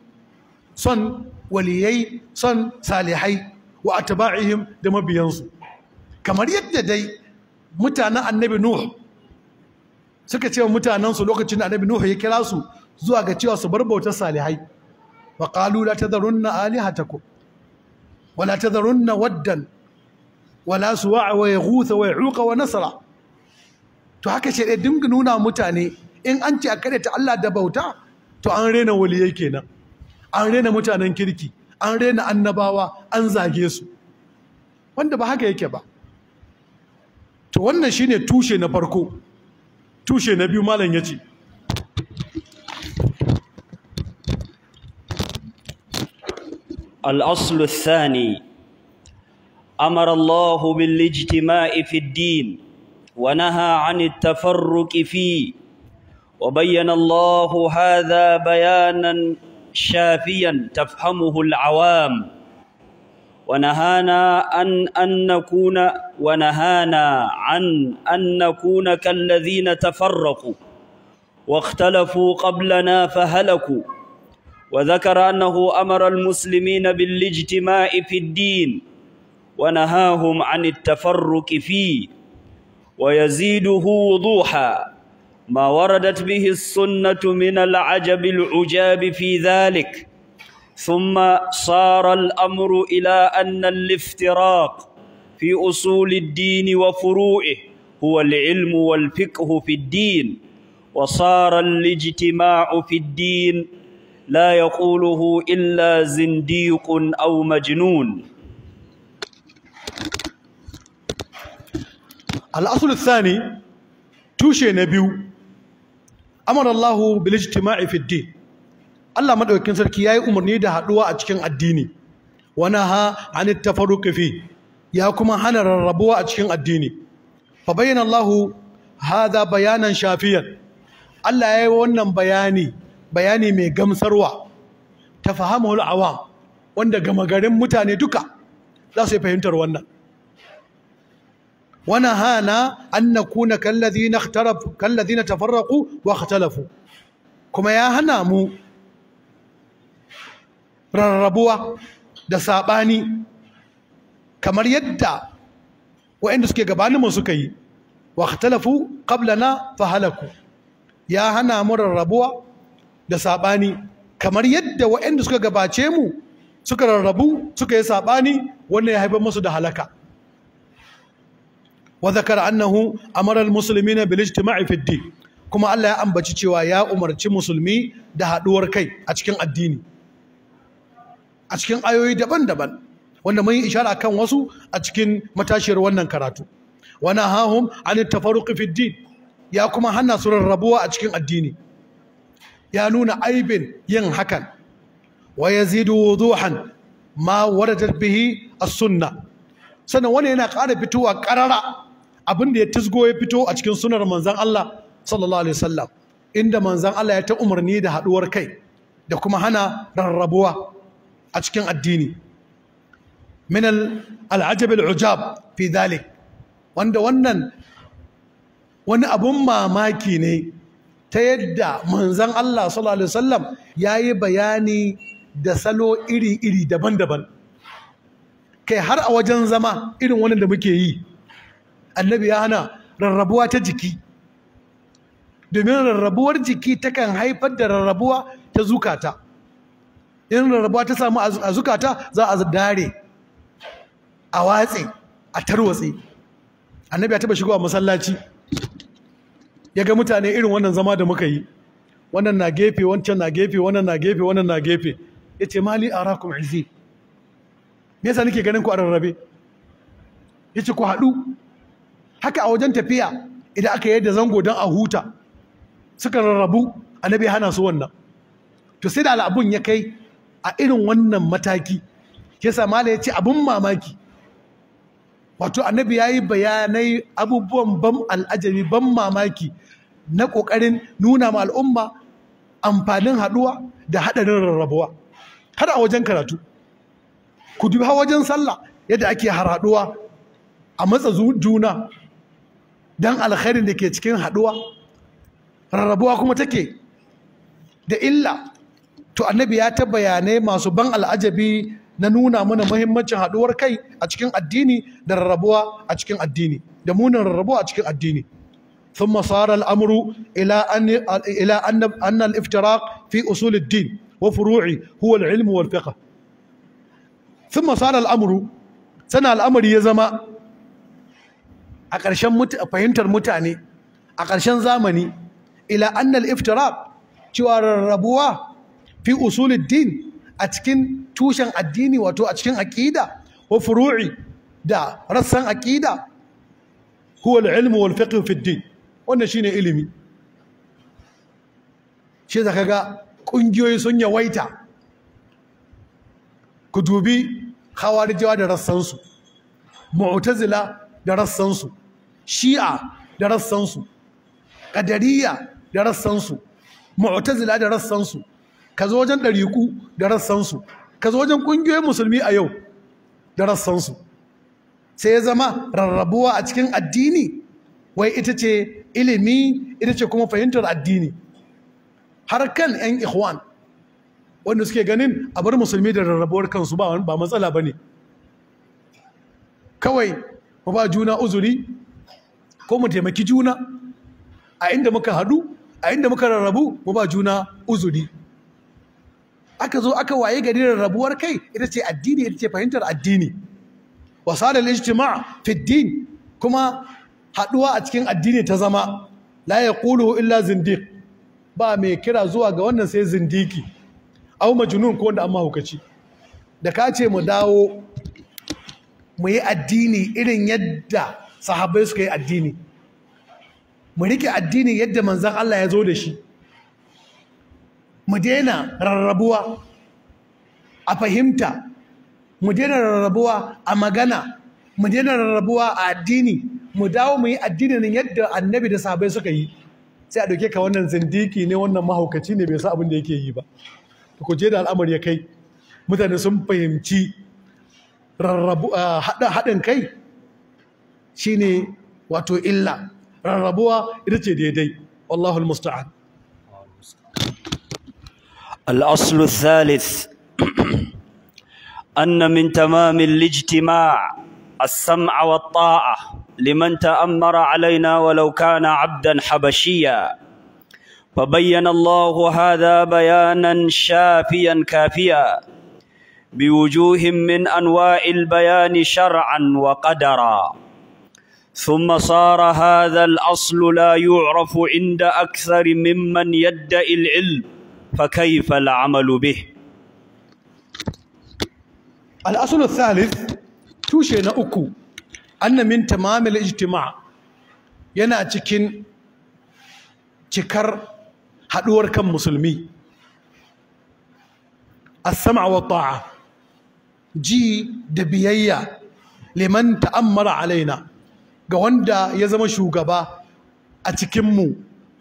son waliyai son salihai wa taba'ihim da mabiyansu kamar yadda dai mutanen annabi Nuh suka ce wa mutanensu lokacin annabi Nuh ya kira su zuwa ga cewa su bar salihai wa qalu la tadharunna alihatakum wa la na waddan wa la suwa'a wa yaghutha wa ya'uqa wa nasra to haka shi ɗaya dinga nuna mutane in an ce a ta Allah da bauta to an rena waliyai kenan an rena mutanen kirki an rena annabawa an zage su wanda ba haka yake ba to wannan shine tushe na farko tushe na biyu malam ya ce thani amara Amarallahu min ijtima'i في din ونهى عن التفرق فيه وبين الله هذا بيانا شافيا تفهمه العوام ونهانا عن أن نكون ونهانا عن أن نكون كالذين تفرقوا واختلفوا قبلنا فهلكوا وذكر أنه أمر المسلمين بالاجتماع في الدين ونهاهم عن التفرق فيه ويزيده وضوحا ما وردت به السنة من العجب العجاب في ذلك ثم صار الأمر إلى أن الافتراق في أصول الدين وفروعه هو العلم والفقه في الدين وصار الاجتماع في الدين لا يقوله إلا زنديق أو مجنون al'asul thani tushe na biyu amara Allahu bil ijtima'i fi din Allah maɗaukin sarki yi umarni da haɗuwa a cikin addini Wani ha an tafarruq fi ya kuma hana rarrabuwa a cikin addini fa bayyana Allahu hadha bayanan shafiyan Allah ya yi wannan bayani bayani mai gamsarwa tafahamu al-awam wanda gama garin mutane duka za su yi fahimtar wannan ونهانا أن نكون كالذين اختلفوا كالذين تفرقوا واختلفوا كما يا هنامو rarrabuwa da saɓani kamar yadda waɗanda suke gabaninmu suka yi wa talafu na fahalaku ya hana mu rarrabuwa da saɓani kamar yadda waɗanda suka gabace mu suka rarrabu suka yi saɓani wanda ya haifar musu da halaka wa annahu amara almuslimina na ijtima'i fi din kuma Allah ya ambaci cewa ya umarci musulmi da haduwar kai a cikin addini a cikin ayoyi daban-daban wanda mun yi ishara kan wasu a cikin matashiyar wannan karatu wa nahahum an tafarruqi fi din ya kuma hana su rarrabuwa a cikin addini ya nuna aibin yin hakan wa yazidu wuduhan ma waradat bihi as-sunnah sannan wani yana ƙara fitowa ƙarara abin da ya tisgo ya fito a cikin sunar manzan Allah sallallahu alaihi wasallam inda manzan Allah ya ta umarni da haɗuwar kai da kuma hana rarrabuwa a cikin addini min al'ajab al'ujab fi dhalik wanda wannan wani abun mamaki ne ta yadda manzan Allah sallallahu alaihi wasallam yayi bayani da salo iri-iri daban-daban kai har a wajen zama irin wannan da muke yi annabi ya hana rarrabuwa ta jiki domin rarrabuwar jiki takan haifar da rarrabuwa ta zukata in rarrabuwa ta samu a zukata za a dare a watse a tarwatse annabi ya taba shigowa masallaci ya ga mutane irin wannan zama da muka yi wannan na gefe wancan na gefe wannan na gefe wannan na gefe ya ce mali a rakun izi me yasa nake ganin ku a rarrabe ya ce ku haɗu haka a wajen tafiya idan aka yadda zango don a huta suka rarrabu annabi ya hana su wannan to sai da al'abun ya kai a irin wannan mataki yasa mala ya ce abin mamaki wato annabi ya yi bayanai abubuwan ban al'ajami, ban mamaki na ƙoƙarin nuna ma al'umma amfanin haɗuwa da haɗarin rarrabuwa har a wajen karatu ku dubi wajen sallah yadda ake harhaɗuwa a matsa juna Dan alkhairin da ke cikin haɗuwa rarrabuwa kuma take da illa to annabi ya ta bayanai masu ban al'ajabi na nuna mana muhimmancin haɗuwar kai a cikin addini da rarrabuwa a cikin addini da munin rarrabuwa a cikin addini ثم صار الأمر إلى أن إلى أن أن الافتراق في أصول الدين وفروعه هو العلم والفقه ثم صار يزما a ƙarshen fahimtar mutane a ƙarshen zamani ila annal iftira cewa rarrabuwa fi usulid din a cikin tushen addini wato a cikin aƙida wa furu'i da rassan aqida huwa al-ilm wal fiqh fi din wannan shine ilimi shi zaka ga kungiyoyi sun yawaita ku dubi khawarijawa da rassansu mu'tazila da rassansu shi'a da rassansu ƙadariya da rassansu mu'tazila da rassansu ka zo wajen ɗariku da rassansu ka wajen ƙungiyoyin musulmi a yau da rassansu sai ya zama rarrabuwa a cikin addini wai ita ce ilimi ita ce kuma fahimtar addini har kan 'yan ikhwan wanda suke ganin a bar musulmi da rarrabuwar kansu ba matsala ba ne kawai mu ba juna uzuri ko mu taimaki juna a inda muka haɗu a inda muka rarrabu mu ba juna uzuri aka zo aka waye gari rarrabuwar kai ita ce addini ita ce fahimtar addini wasalar ijtima' fi din kuma haɗuwa a cikin addini ta zama la yaqulu illa zindiq ba mai kira zuwa ga wannan sai zindiki au majnun ko wanda amma hukaci da ka ce mu dawo mu yi addini irin yadda Sahabai suka yi addini mu rike addini yadda manzan Allah ya zo da shi mu daina rarrabuwa a fahimta mu daina rarrabuwa a magana mu daina rarrabuwa a addini mu dawo mu yi addinin yadda annabi da sahabai suka yi sai a ɗauke ka wannan zindiki ne wannan mahaukaci ne bai sa abin da yake yi ba ku je da al'amari ya kai mutane sun fahimci ah, haɗin kai shi ne wato illa rarrabuwa ita ce daidai Allahul Musta'an. Al’aslu Thalith, an min tamamin lijtima a sam’a wa ta’a limanta an mara alaina walau kana abdan habashiya. فبين الله هذا بيانا شافيا كافيا بوجوه من انواع البيان شرعا وقدرا ثم صار هذا الأصل لا يعرف عند أكثر ممن يدعي العلم فكيف العمل به الأصل الثالث توشينا أكو أن من تمام الاجتماع ينا تكين تكر هدور كم مسلمي السمع والطاعة جي دبيية لمن تأمر علينا ga wanda ya zama shugaba a cikinmu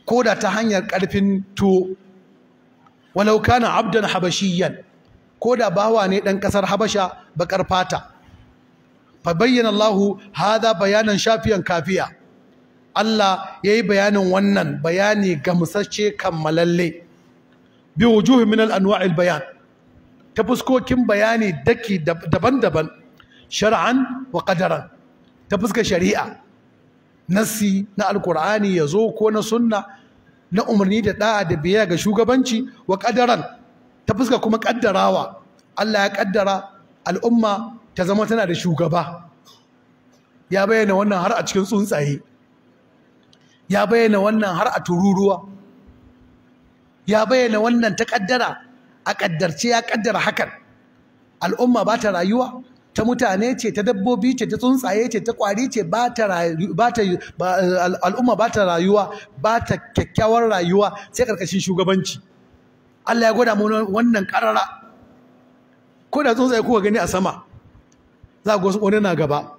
ko da ta hanyar ƙarfin tuwo walau kana abdan habashiyan ko da bawa ne ɗan ƙasar habasha baƙar fata fa bayyana Allahu hadha bayanan shafiyan kafiya Allah ya yi bayanin wannan bayani gamsasce kammalalle bi wujuhi min al anwa'il bayan ta fuskokin bayani daki daban-daban shar'an wa qadaran ta fuskar shari'a nassi na alkur'ani ya zo ko na sunna na umarni da da'a da biya ga shugabanci wa kadaran ta fuskar kuma kaddarawa Allah ya kaddara al'umma ta zama tana da shugaba ya bayyana wannan har a cikin tsuntsaye ya bayyana wannan har a tururuwa ya bayyana wannan ta kaddara a kaddarce ya kaddara hakan al'umma ba ta rayuwa ta mutane ce ta dabbobi ce ta tsuntsaye ce ta kwari ce ba ta eh, al'umma ba ta rayuwa ba ta kyakkyawar rayuwa sai karkashin shugabanci Allah ya gwada mu wannan karara ko da tsuntsaye kuka gani a sama za ku wani na gaba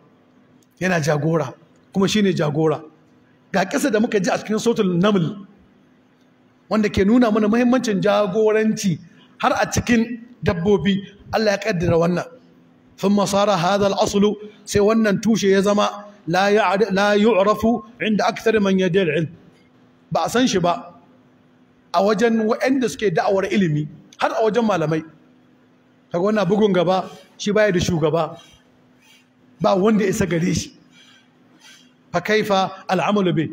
yana jagora kuma shine jagora ga kisa da muka ji a cikin sautul naml wanda ke nuna mana muhimmancin jagoranci har a cikin dabbobi Allah ya kaddara wannan ثم masara هذا الأصل sai wannan tushe ya zama la la yu'rafu inda akthar man yadil ilm ba san shi ba a wajen waɗanda suke da'awar ilimi har a wajen malamai kaga wannan bugun gaba shi baya da shugaba ba wanda isa gare shi fa kaifa al'amalu bi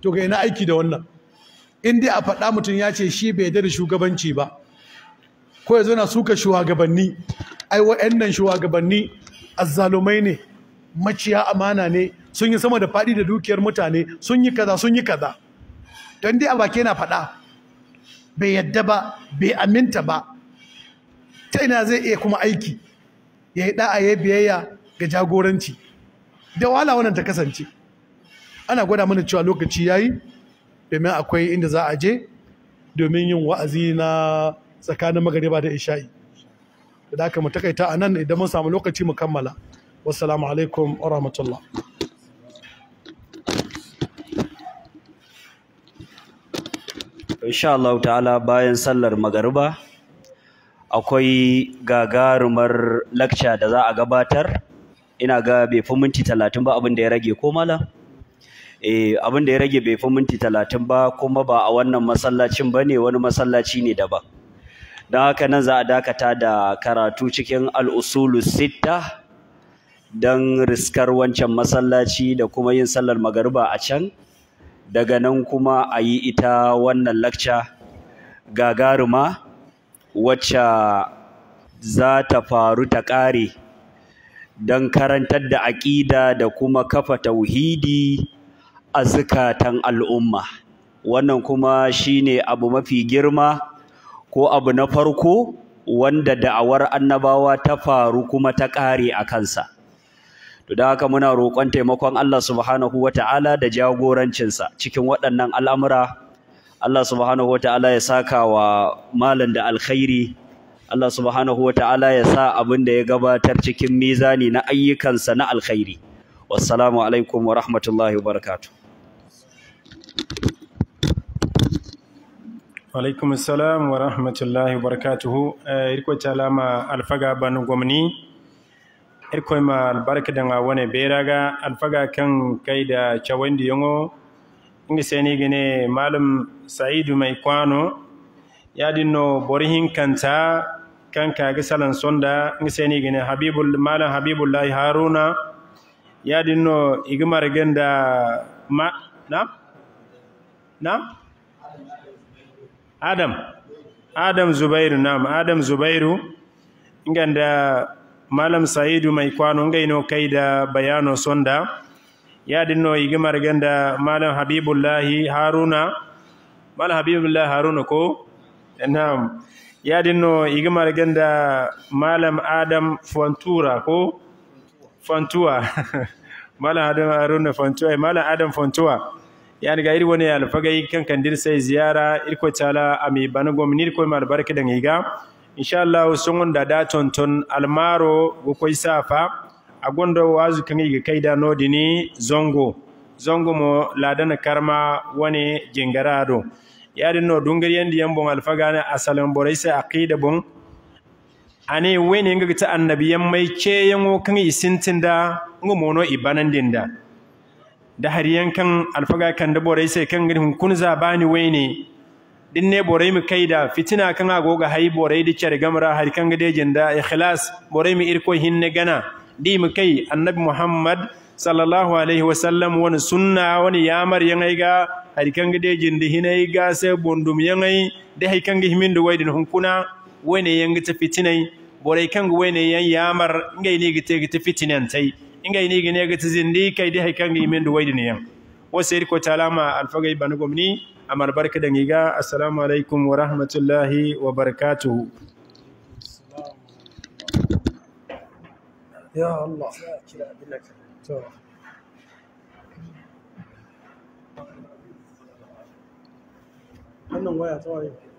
to ga ina aiki da wannan in dai a faɗa mutum ya ce shi bai da shugabanci ba ko ya zo na suka shugabanni ai wa'annan shugabanni azzalumai ne maciya amana ne sun yi sama da faɗi da dukiyar mutane sun yi kaza sun yi kaza don dai a baki yana faɗa bai yadda ba bai aminta ba ta ina zai iya kuma aiki ya yi ɗa'a ya biyayya ga jagoranci da wahala wannan ta kasance ana gwada mana cewa lokaci ya yi domin akwai inda za a je domin yin wa'azi na tsakanin magariba da isha'i da aka mu a nan idan mun samu lokaci mu kammala wassalamu alaikum wa rahmatullah insha Allah ta'ala bayan sallar magariba akwai gagarumar lecture da za a gabatar ina ga bai fi minti talatin ba abin da ya rage ko mala eh abin da ya rage bai fi minti talatin ba kuma ba a wannan masallacin ba ne wani masallaci ne daban da haka nan za a dakata da karatu cikin al'usulu sitta don riskar wancan masallaci da kuma yin sallar magariba a can daga nan kuma a yi ita wannan lakca gagaruma wacce za ta faru ta ƙare don karantar da aƙida da kuma kafa tauhidi a zukatan al'umma wannan kuma shine abu mafi girma ko abu na farko wanda da'awar annabawa ta faru kuma ta ƙare a kansa to da haka muna roƙon taimakon Allah subhanahu ta'ala da jagorancinsa cikin waɗannan al'amura Allah subhanahu ta'ala ya saka wa malam da alkhairi Allah subhanahu ta'ala ya sa abin da ya gabatar cikin mizani na ayyukansa na alkhairi wassalamu alaikum wa rahmatullahi wa barakatuh alaikum salam wa rahmatullahi wa barakatuhu eh, irko talama alfaga banu gwamni irko ma albarka da wane beraga alfaga kan kai da chawandi yongo ingi seni gine malum saidu mai kwano ya dino borihin kanta kan kagi salan sonda ingi seni gine habibul malam habibullahi haruna ya dino igmar ganda ma na na adam adam zubairu nam adam zubairu inganda malam saidu mai kwano ngaino kaida bayano sonda yadinno igimar ganda malam habibullahi haruna malam habibullahi haruna ko nam yadinno igimar ganda malam adam fontura ko fontua malam adam haruna fontua malam adam fontua yani ga iri wani alfagai kan kandir sai ziyara irko tala mai bana gwamnir ko mai barke da ngiga insha Allah sun da da tonton almaro go koi safa agondo wazu kan kai da nodini zongo zongo mo ladana karma wani jingarado yadin no dungari yandi yambon alfaga na asalan borai sai aqida bun ane weni nga ta annabiyan mai ce yango kan ngumono ibanan dinda da har yankan alfaga kan da borai sai kan gani hunkun zabani wai waine din ne borai mu kai da fitina kan agoga hai borai da cer gamra har kan gade jinda ikhlas borai mu irko hinne gana di mu kai annabi muhammad sallallahu alaihi wasallam wani sunna wani yamar yan ga. har kan gade jinda hinai ga sai bondum yan ai da hai kan gihimin da din hunkuna wai ne yan ta fitinai borai kan wani yan yamar ngai ne gite gite fitinan tai inga ini gine ga tizindi kai dai haikan kangi imen duwai diniyan wasu irko talama alfagai bani gwamni a marbarka da giga assalamu alaikum wa rahmatullahi wa barakatuhu ya Allah waya